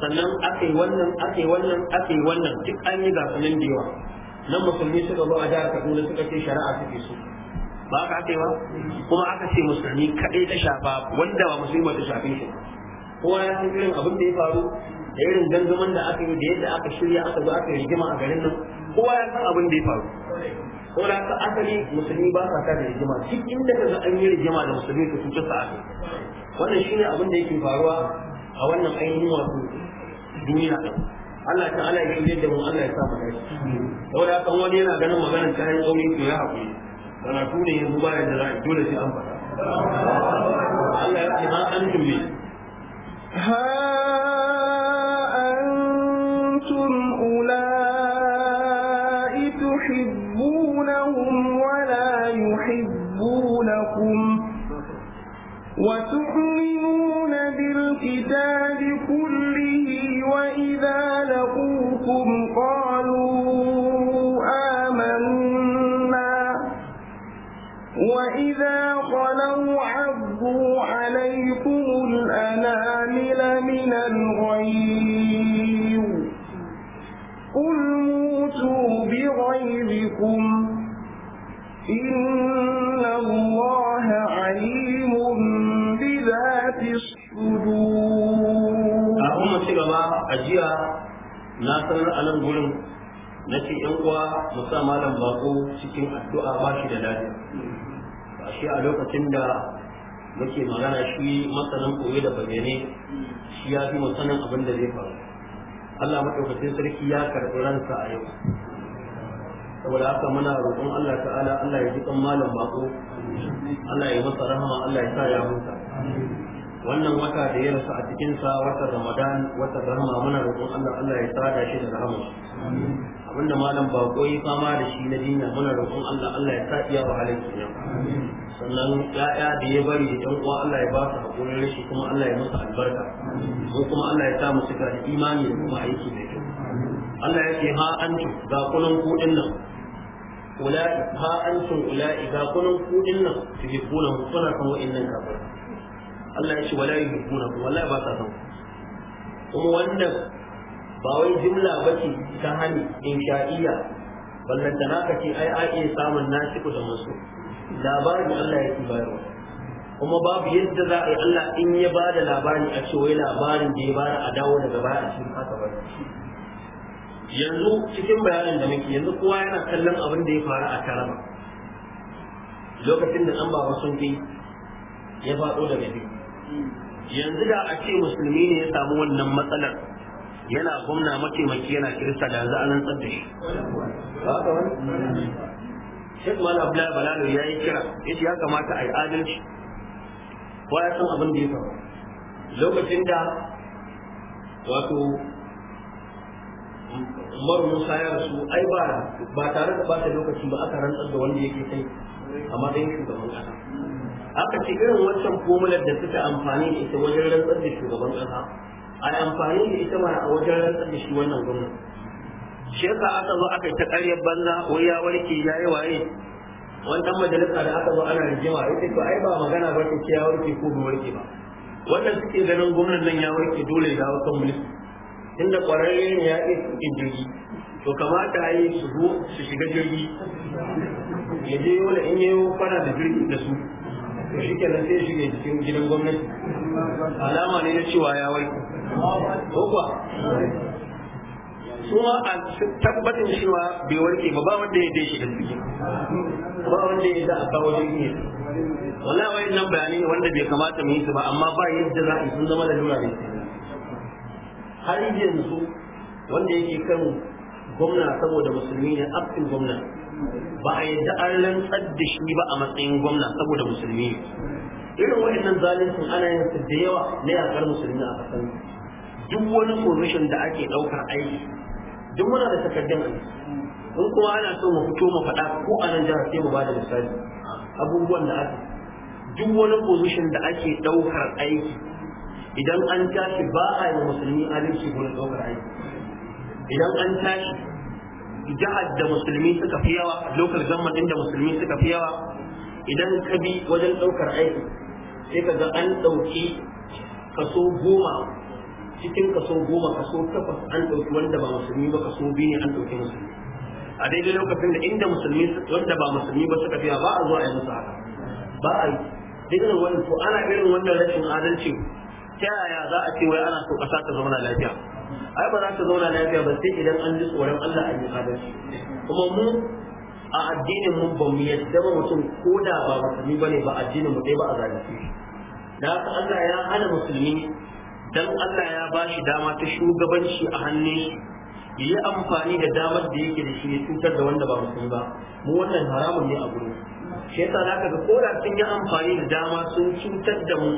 sannan ake wannan ake wannan ake wannan duk an yi gasunan da nan musulmi suka zo a jihar kaduna suka ce shari'a suke so ba aka ake ba kuma aka ce musulmi kaɗai ta shafa wanda ba musulmi ta shafe shi kowa ya san irin abin da ya faru da irin gangamin da aka yi da yadda aka shirya aka zo aka rigima a garin nan kowa ya san abin da ya faru saboda haka asali musulmi ba sa da rigima duk inda ka ga an yi rigima da musulmi ka cutar sa aka wannan shine abin da yake faruwa a wannan ainihin wato duniya Allah ta ala ya shirye da mu Allah ya sa mu dace Da haka wani yana ganin maganar kayan hanyar aure to ya haƙuri karatu ne yanzu ba yadda za a dole sai an faɗa Allah ya ce ma an jumbe ha لكم وتؤمنون بالكتاب كله وإذا لقوكم قالوا آمنا وإذا خلوا sanar a nan gurin na ce yan uwa mu sa malam bako cikin addu'a ba shi da lafiya ba shi a lokacin da muke magana shi masanin koyo da bayyane shi ya fi masanin abin da zai faru Allah maɗaukacin sarki ya karɓi ransa a yau saboda haka muna roƙon Allah ta'ala Allah ya ji kan malam bako Allah ya masa rahama Allah ya sa ya huta wannan wata da ya rasu a cikinsa watan ramadan watan rahama muna roƙon Allah Allah ya sada shi da rahama abinda malam bako yi fama da shi na jinya muna roƙon Allah Allah ya sa iya wahalar jinya sannan ya'ya da ya bari da uwa Allah ya ba su haƙurin rashi kuma Allah ya musu albarka ko kuma Allah ya sa mu cika da imani da kuma aiki mai kyau Allah ya ce ha antum ga kullun ku dinnan ula'i ha antum ula'i ga kullun ku dinnan tuhibbuna kuna kan wa'annan kafirai Allah ya ce wala yi yuhibbuna wala ba sa san kuma wannan ba wai jimla ba ce ta hani insha'iyya da naka ce ai a iya samun ku da masu labarin Allah ya bayarwa kuma babu yadda za a yi Allah in ya ba da labari a ce wai labarin da ya ba a dawo daga baya a cikin haka ba yanzu cikin bayanin da muke yanzu kowa yana kallon abin da ya faru a karama lokacin da an baba sun fi ya faɗo daga biyu yanzu da a ce musulmi ne ya samu wannan matsalar yana gwamna mataimaki yana kirista da yanzu an rantsar da shi Sheikh Mal Abdullahi Balalo ya yi kira yace ya kamata a yi adalci kowa ya san abin da ya faru lokacin da wato Umar Musa ya rasu ai ba ba tare da bata lokaci ba aka rantsar da wanda yake kai a matsayin shugaban kasa aka ce irin wancan formular da suka amfani da ita wajen rantsar da shugaban ƙasa a amfani da ita mana a wajen rantsar da shi wannan gwamnati shi aka zo aka yi ta ƙaryar banza wai ya warke ya yi waye Wannan majalisa da aka zo ana rigima ya ce to ai ba magana ba ce ya warke ko bai warke ba wannan suke ganin gwamnan nan ya warke dole ya dawo kan mulki inda ƙwararre ne ya iya cikin jirgi to kamata ya yi su zo su shiga jirgi ya je yola in yi kwana da jirgi da su to shi kenan sai shi ne cikin gidan gwamnati alama ne na cewa ya wai ko kuwa su ma a tabbatin cewa bai warke ba ba wanda ya dai shi da ba wanda ya da a kawo jirgin wallahi wayan nan bayanai wanda bai kamata mu yi su ba amma ba yadda za a yi sun zama da lura ne har yanzu wanda yake kan gwamna saboda musulmi ne abdul gwamna ba a yadda an rantsar da shi ba a matsayin gwamna saboda musulmi irin waɗannan zaluncin ana yin su da yawa na yakar musulmi a kasan duk wani commission da ake ɗaukar aiki duk muna da takardun aiki in kuma ana so mu fito mu faɗa ko a nan jihar sai mu ba da misali abubuwan da aka duk wani commission da ake ɗaukar aiki idan an tashi ba a yi musulmi adalci gurin ɗaukar aiki idan an tashi jihar da musulmi suka fi yawa local government din da musulmi suka fi yawa idan ka bi wajen ɗaukar aiki sai ka ga an ɗauki kaso goma cikin kaso goma kaso takwas an ɗauki wanda ba musulmi ba kaso biyu ne an ɗauki musulmi a daidai lokacin da inda musulmi wanda ba musulmi ba suka fi yawa, ba a zuwa a musu haka ba a yi dukkan wani ko ana irin wannan rashin adalci ta yaya za a ce wai ana so ƙasa ta zauna lafiya ai ba za ka zauna lafiya ba sai idan an ji tsoron Allah a yi kuma mu a addinin mu ba mu yadda ba mutum ko da ba musulmi ba ne ba addinin mu dai ba a zalunci da haka Allah ya hana musulmi dan Allah ya ba shi dama ta shugabanci a hannu shi yi amfani da damar da yake da shi ya cutar da wanda ba musulmi ba mu wannan haramun ne a gurin shi yasa ka ga da sun yi amfani da dama sun cutar da mu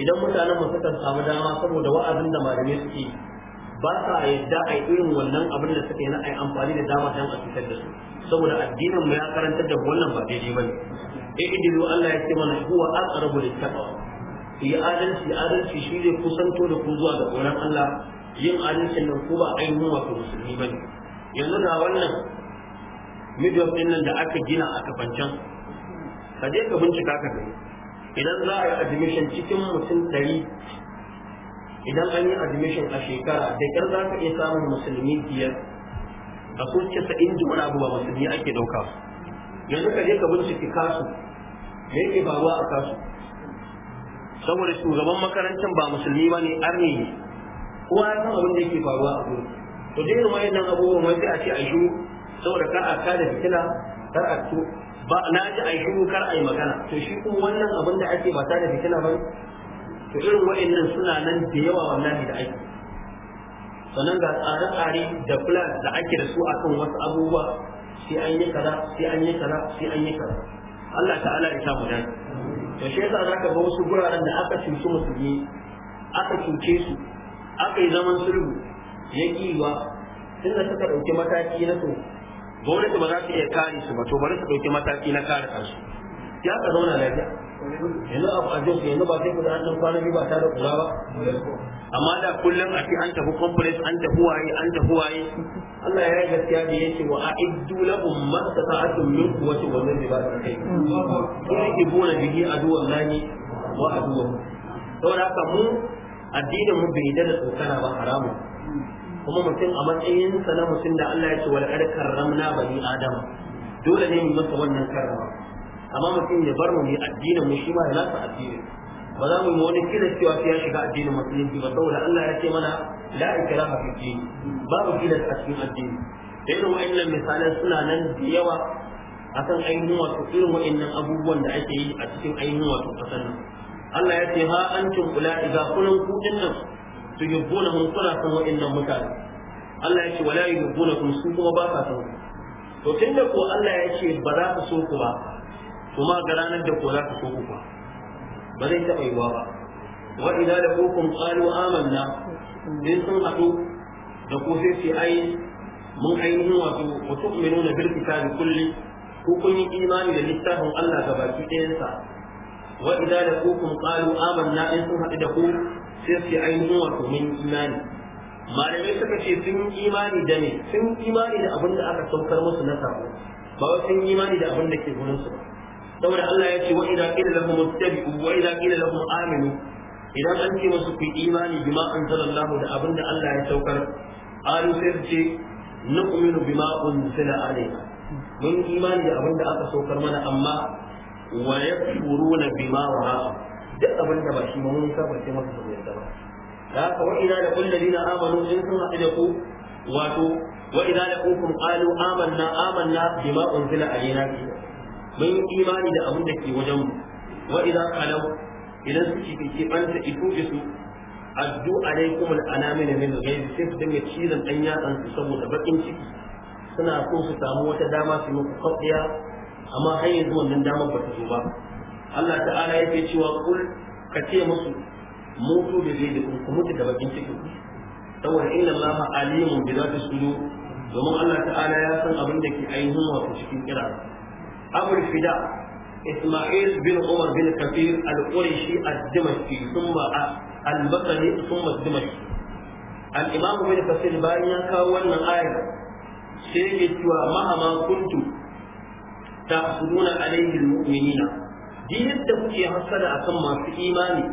idan mutanen mu suka samu dama saboda wa'azin da malamai suke ba sa yadda a yi irin wannan abin da suka yi na ayi amfani da dama don a cutar da su saboda addinin mu ya karantar da wannan ba daidai ne. eh idilu Allah ya ce mana huwa aqrabu littaqwa yi adalci adalci shi zai kusanto da ku zuwa ga tsoron Allah yin adalcin nan ko ba mu wato musulmi ba ne. yanzu da wannan midiyon din nan da aka gina a kafancan ka je ka bincika ka gani idan za a yi admission cikin mutum ɗari idan an yi admission a shekara da kyar za ka iya samun musulmi biyar a ko casa'in da wani musulmi ake ɗauka yanzu ka je ka bincike kasu me yake faruwa a kasu saboda shugaban makarantar ba musulmi ba ne arne ne kuma ya san abin da yake faruwa a gurin to dai irin yadda abubuwan wai sai a ce a shi saboda kar a kada fitina kar a to ba na ji a shi kar a yi magana to shi kuma wannan abin da ake ba ta da fitina ba to irin wa'annan suna nan da yawa wallahi da ake sannan ga tsare-tsare da plan da ake da su akan wasu abubuwa sai an yi kaza sai an yi kaza sai an yi kaza Allah ta'ala ya samu dan to shi yasa zaka ga wasu guraren da aka cuci musulmi aka cuce su aka yi zaman sulhu ya kiwa tun da suka dauki mataki na to gwamnati ba za ta iya kare su ba to bari su dauki mataki na kare kansu ya ka zauna lafiya yanzu abu a jos yanzu ba sai ku an san kwanaki ba tare da kura ba amma da kullum a ce an tafi complex an tafi waye an tafi waye Allah ya yi gaskiya da yake wa a'iddu lahum ma tata'atun min quwwati wa min ribatil khayr kuma yake bona bihi aduwan lani wa aduwan saboda haka mu addinin mu bai da tsokana ba haramu kuma mutum a matsayinsa na mutum da Allah ya ce wal karramna bani adam dole ne mu masa wannan karrama amma mutum ya bar mu mai addinin mu shi ma ya nasa addinin ba za mu yi wani kira cewa sai ya shiga addinin musulunci ba saboda Allah ya ce mana la ikraha fi din babu kila a cikin addini da irin wa'annan misalan suna nan da yawa akan ainihin wato irin wa'annan abubuwan da ake yi a cikin ainihin wato kasan nan Allah ya ce ha antum ula'i ga kunan ku dinnan tuhibbunahum kuna san wa'annan mutane Allah ya ce wala kun su kuma ba ka san to tunda ko Allah ya ce ba za ka so ku ba kuma ga ranar da kora ka koko ba ba zai taɓa yiwa ba wa idan da kokon ƙalu amanna in sun haɗu da ko sai ce ai mun ainihin wato wa tu'minuna bil kitabi kulli ko kun yi imani da littafin Allah ga baki ɗayansa wa idan da kokon ƙalu amanna in sun haɗu da ku sai ce ainihin wato mun imani malamai suka ce sun yi imani da ne sun yi imani da abin da aka saukar musu na sako ba wai sun imani da abin da ke gurin su ba saboda Allah ya ce wa idza qila lahum ittabi'u wa idza qila lahum aminu idan an ce musu ku imani bima anzalallahu da abinda Allah ya saukar qalu sai ce nu'minu bima unzila alayna mun imani da abinda aka saukar mana amma wa yakfuruna bima wara'a duk abinda ba shi ba, mun kafarce masa saboda yarda ba da haka wa da laqul ladina amanu in sun haɗu da ku wato wa idza laqukum qalu amanna amanna bima unzila alayna mun yi imani da abin da ke wajen mu wa idan kalau idan su ci ke banta isu isu addu alaikum al'anamin min ghaibi sai su dinga cizon dan yatsan su saboda bakin ciki suna so su samu wata dama su muku kwafiya amma har yanzu wannan damar ba ta zo ba Allah ta'ala yake cewa kul ka ce musu mutu da zai ku mutu da bakin ciki saboda inna Allah alimun bi zati sudur domin Allah ta'ala ya san abin da ke ainihin wato cikin kira أبو الفداء إسماعيل بن عمر بن كثير القرشي الدمشقي ثم البطني ثم الدمشقي الإمام بن كثير باين كاوان آية سيجد ومهما كنت تأخذون عليه المؤمنين دي تبكي يحصل أسمى في إيماني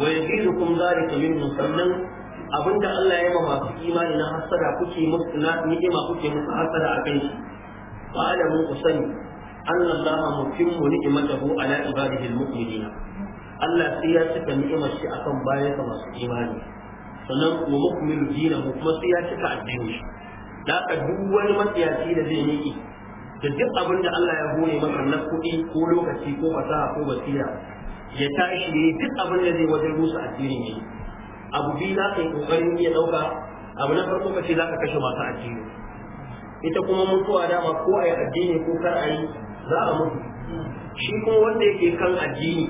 ويزيدكم ذلك من مسلم abinda Allah ya ma masu imani na hasada kuke musu na ni'ima kuke musu hasada a kai ba alamu ku anna allaha mutimmu ni'matahu ala ibadihi almu'minina Allah sai ya cika ni'imar shi akan bayansa masu imani sannan wa mukmilu dinahu kuma sai ya cika addinin shi ka duk wani matsiyaci da zai miƙe da duk abin Allah ya goye maka na kuɗi ko lokaci ko fasaha ko basira ya tashi ne duk abin da zai wajen rusa addinin shi ƙoƙarin iya ɗauka abu na farko ka ce za ka kashe masu addini ita kuma mutuwa dama ko a yi addini ko kar a yi za a mutu shi kuma wanda yake kan addini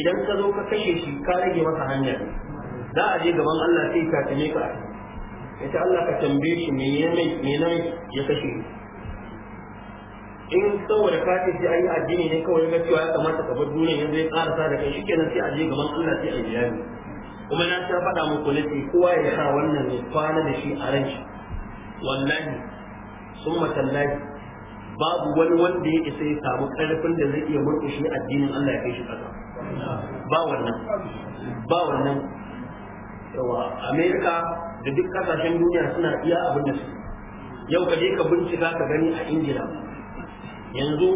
idan ka zo ka kashe shi ka rage masa hanya za a je gaban Allah sai ka tame ka ya ce Allah ka tambaye shi me ne me ne ya kashe in saboda ka ce sai ayi addini ne kawai ga cewa ya kamata ka bar duniya yanzu ya karasa da kai shikenan sai a je gaban Allah sai a bayani kuma na ta faɗa muku ne kowa ya sa wannan ne kwana da shi a ran shi wallahi sun tallahi babu wani wanda ya isa ya samu karfin da zai iya murkushe addinin Allah ya kai shi kasa ba wannan ba wannan yawa Amerika da duk kasashen duniya suna iya abin da su yau ka je ka bincika ka gani a Ingila yanzu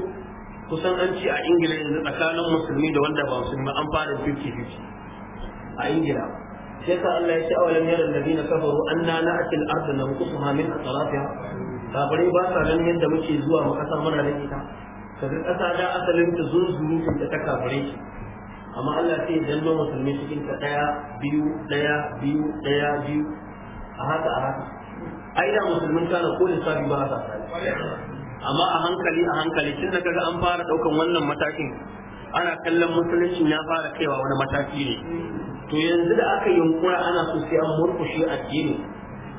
kusan an ce a Ingila yanzu tsakanin musulmi da wanda ba musulmi an fara 50-50 a Ingila sai ka Allah ya ce awalan yaran ladina kafaru anna na'til arda nanqusuha min atrafiha kafirai ba sa ganin yadda muke zuwa mu kasa muna da ita kaga kasa da asalin ta zunzurutun da ta kafirai shi amma Allah sai ya danno musulmi cikin ta daya biyu daya biyu daya biyu a haka a haka ai da musulmin na ko lissafi ba sa amma a hankali a hankali tun da kaga an fara daukan wannan matakin ana kallon musulunci ya fara kaiwa wani mataki ne to yanzu da aka yunkura ana so sai an murkushe addini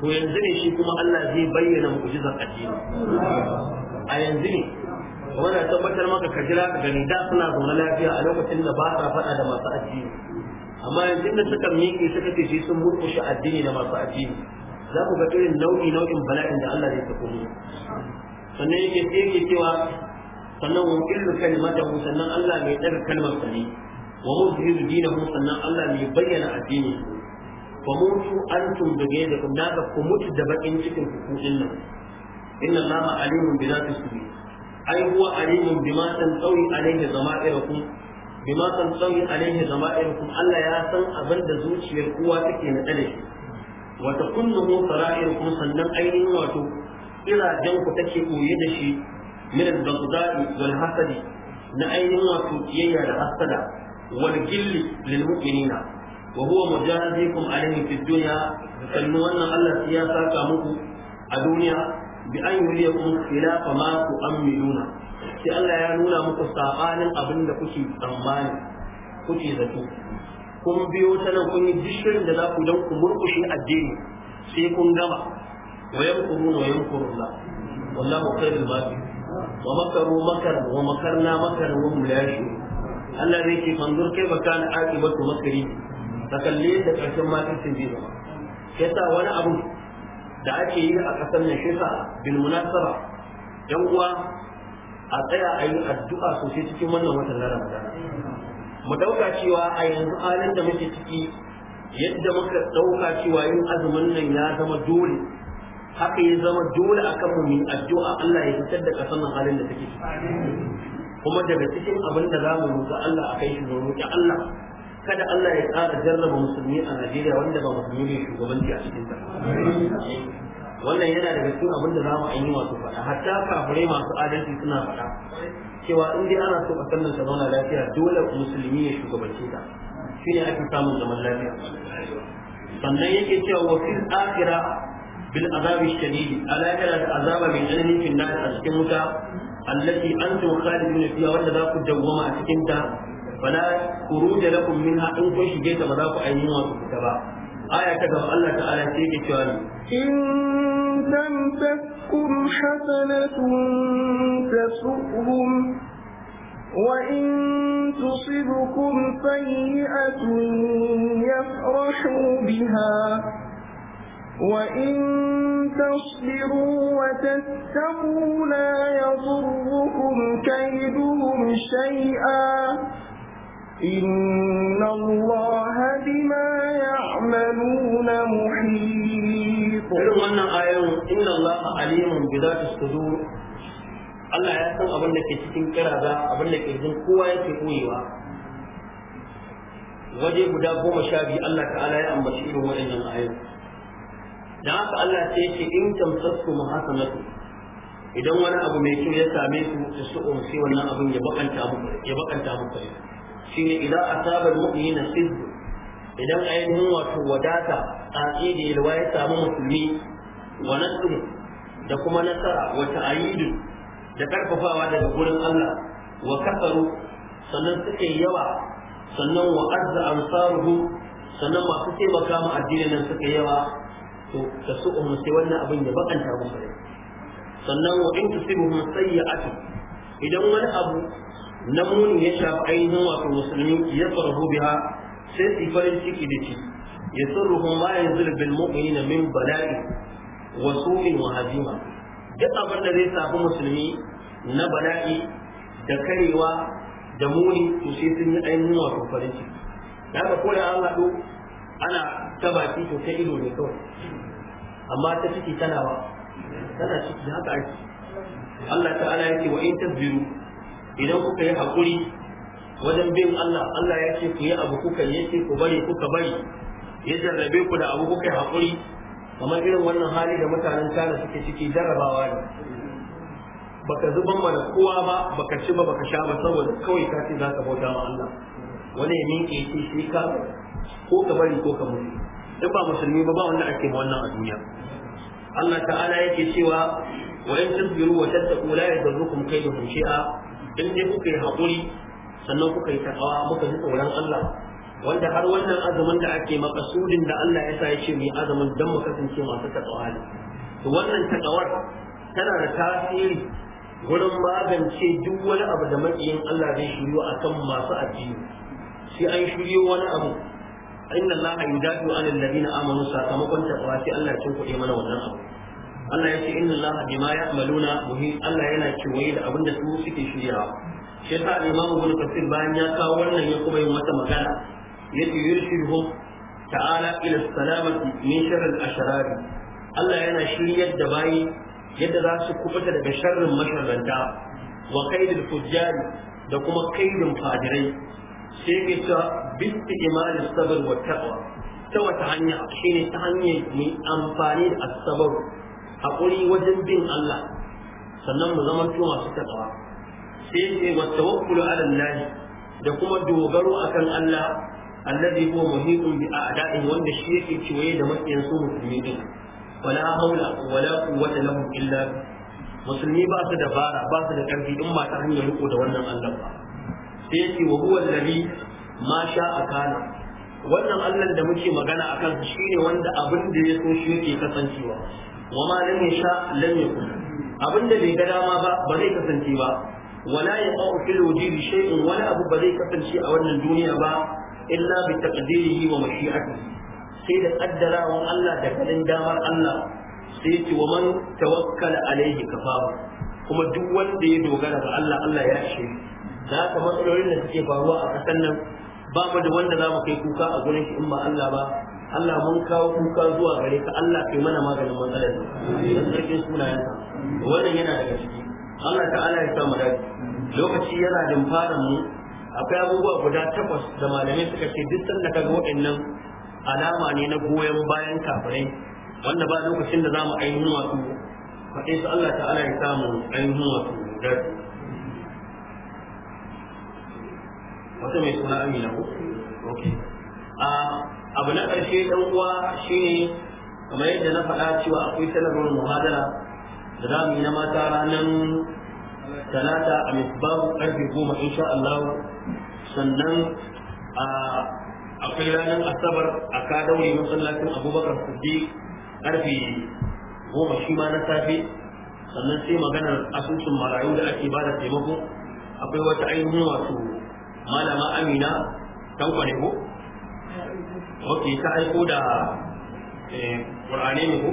to yanzu ne shi kuma Allah zai bayyana mu'jizar addini a yanzu ne kuma na tabbatar maka ka jira ka gani da suna zaune lafiya a lokacin da ba sa faɗa da masu addini amma yanzu da suka miƙe suka ce shi sun murƙushe addini da masu addini za ku ga irin nau'i nau'in bala'in da Allah zai tafi mu sannan yake yake cewa sannan wa kullu kalimatahu sannan Allah mai ɗaga kalmar sa ne wa muzhiru dinahu sannan Allah mai bayyana addini fa mutu antum bi ghayrikum da ka ku mutu da bakin cikin ku nan inna allaha alimun bi zati sudur ai huwa alimun bima tantawi alaihi zama'irukum bima tantawi alaihi zama'irukum Allah ya san abin da zuciyar kowa take na dare shi wa takunnu sara'irukum sannan ainihin wato ku take koye da shi min al-baghdadi wal na ainihin wato da hasada wal gilli wa huwa mujazikum alaihi fid dunya sannu wannan Allah sai ya saka muku a duniya bi an yuriyakum khilafa ma tu'minuna sai Allah ya nuna muku sabanin abin da kuke tsammani kuke zato kun biyo ta nan kun yi gishirin da za ku dan ku murkushe addini sai kun gama wa yamkuruna wa yamkurullah wallahu makar Allah zai ce fanzur kai baka na ka kalle da karshen matan sun zai zama yasa wani abu da ake yi a kasar nan shi bilmunasara, bil yan uwa a tsaya a yi addu'a sosai cikin wannan watan na mu ɗauka cewa a yanzu halin da muke ciki yadda muka ɗauka cewa yin azumin nan ya zama dole haka ya zama dole akan mu mu addu'a Allah ya fitar da kasar nan halin da take ciki kuma daga cikin abin da za mu roƙi Allah a kai shi mu roƙi Allah kada Allah ya ƙara jarraba musulmi a Najeriya wanda ba musulmi ne shugabanci a cikin ta, wannan yana daga cikin abin da za mu yi masu faɗa hatta kafirai masu adalci suna faɗa cewa in dai ana so a nan ta zauna lafiya dole musulmi ya shugabance ta shine ake samun zaman lafiya sannan yake cewa wa fil akhira bil azabi shadid ala ila azaba min anni fil nar a cikin wuta allati antum khalidun fiha wanda za ku dawwama a cikin ta فلا خروج لكم منها ان كن شجيت ما ذاك اي نوع تبا آية كتب الله تعالى في كتابه إن تمسككم حسنة تسؤهم وإن تصبكم سيئة يفرحوا بها وإن تصبروا وتتقوا لا يضركم كيدهم شيئا إن الله بما يعملون Irin wannan ayon inna Allah alimun bi zati sudur Allah ya san abin da ke cikin kiraza abin da ke jin kowa yake koyewa waje guda goma sha biyu Allah ta'ala ya ambaci irin waɗannan ayoyi dan haka Allah sai yake in tamsasku mahasanatu idan wani abu mai kyau ya same su su su'un wannan abin ya bakanta muku ya bakanta muku shine idan asaba mu'mina sidq idan ainihin wato wadata tsatsi da yalwa ya samu musulmi wa nasru da kuma nasara wa ta'yidu da karfafawa daga gurin Allah wa kafaru sannan suka yi yawa sannan wa azza ansaruhu sannan masu taimaka ma addinin nan suka yi yawa to ta su umma sai wannan abin ya bakanta mu sannan wa in tusibuhum sayyi'atu idan wani abu na muni ya shafi ainihin wato musulmi ya farhu biya sai su farin ciki da ciki, ya ruhun ma yanzu bil na min bala'i wa sufin wa hazima duk abin da zai shafi musulmi na bala'i da karewa da muni to sai sun yi ainihin wato farin ciki da haka ko da an haɗu ana ta baki to ta ido ne kawai amma ta ciki tana ba, tana ciki haka ake Allah ta'ala yake wa in tabbiru. idan kuka yi hakuri, wajen bin Allah Allah ya ce ku yi abu kuka yi ce ku bari kuka bari ya jarrabe ku da abu kuka yi hakuri. kamar irin wannan hali da mutanen China suke ciki jarrabawa ne baka zuban mana kowa ba baka ci ba baka sha ba saboda kawai ka ce za ka bauta ma Allah wani ya minke ce shi ka ko ka bari ko ka mutu duk ba musulmi ba ba wanda ake wannan a duniya Allah ta'ala yake cewa wa in tasbiru wa tattaqu la yadurrukum kayduhum shay'a in dai kuka yi haƙuri sannan kuka yi takawa muka ji tsoron Allah wanda har wannan azumin da ake makasudin da Allah ya sa ya ce mu yi azumin don mu kasance masu takawa ne to wannan takawar tana da tasiri wurin magance duk wani abu da makiyin Allah zai shiryo akan masu addini sai an shiryo wani abu inna Allah yudafi an na amanu sakamakon takawa sai Allah ya cinkuɗe mana wannan abu Allah ya ce inna Allah bima ya'maluna muhim Allah yana kewaye da abin da su suke shiryawa shi yasa Imam Ibn Kathir bayan ya kawo wannan ya kuma yi mata magana yace yurshihu ta'ala ila salamati min sharri al Allah yana shiryar da bayi yadda za su kubuta daga sharrin masharranta wa kaidil fujjar da kuma kaidin fajirai sai ke ta bisti imanin sabar wa taqwa ta wata hanya shine ta hanyar mu amfani da asabar haƙuri wajen bin Allah sannan mu zama to masu takawa sai ce wa tawakkulu ala Allah da kuma dogaro akan Allah alladhi huwa muhiqun bi a'da'i wanda shi yake ciwaye da matsayin su musulmi din wala haula wala quwwata lahum illa musulmi ba su da bara ba su da karfi in ba ta hanyar riko da wannan Allah ba sai yake wa huwa alladhi ma sha'a kana wannan Allah da muke magana akan shi ne wanda abin da ya so shi yake kasancewa wa ma lam yasha lam yakun abinda bai ga dama ba ba zai kasance ba wala yaqau fil wujudi shay'un wala abu ba zai kasance a wannan duniya ba illa bi taqdirihi wa mashi'atihi sai da kaddarawan Allah da kanin damar Allah sai ce wa man tawakkala alaihi kafaru kuma duk wanda ya dogara ga Allah Allah ya ishe da haka matsalolin da suke faruwa a ƙasar nan ba mu da wanda za mu kai kuka a gurin shi in ba Allah ba Allah mun kawo kuka zuwa gare ka Allah kai mana maganin matsalar da sarkin sunayensa wannan yana daga ciki Allah ta'ala ya sa mu dace lokaci yana fara mu akwai abubuwa guda takwas da malamai suka ce duk sanda kaga waɗannan alama ne na goyon bayan kafirai wanda ba lokacin da zamu ainihin wasu faɗe su Allah ta'ala ya sa mu ainihin wasu dace wata mai suna amina ko okay a ah, abu na ƙarshe ɗan uwa ne kamar yadda na faɗa cewa akwai sanarwar muhadara da za mu yi na mata ranar talata a misbahu ƙarfe goma insha Allah sannan akwai ranar asabar a ka daure masallacin abubakar siddiq ƙarfe goma shi ma na safe sannan sai maganar asusun marayu da ake ba da taimako akwai wata ainihin wato malama amina tankwane ko ok ta aiko da ƙur'ani eh, ne ko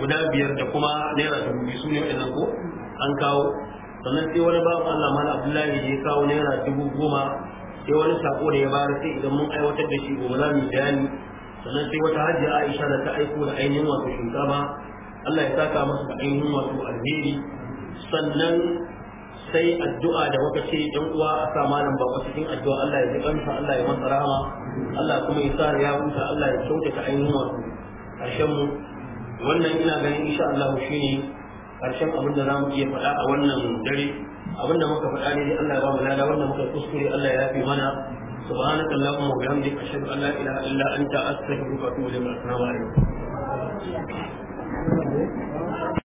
guda biyar da kuma naira dubu biyu su ne waɗannan ko an kawo sannan sai wani babu Allah mana Abdullahi ya kawo naira dubu goma sai wani sako da ya bayar sai idan mun aiwatar da shi gobe za mu bayani sannan sai wata hajji Aisha da ta aiko da ainihin wato shinkafa Allah ya saka masa da ainihin wato alheri sannan sai addu'a da muka ce yan uwa a sa malam baba cikin addu'a Allah ya jibanta Allah ya masa rahama Allah kuma ya sa ya huta Allah ya kyautata ainihin wasu karshen mu wannan ina ganin insha Allah shine karshen abin da zamu iya faɗa a wannan dare abin da muka faɗa ne Allah ya ba mu lada wannan muka kuskure Allah ya yafe mana سبحانك اللهم وبحمدك أشهد أن لا إله إلا أنت أستغفرك وأتوب إليك السلام عليكم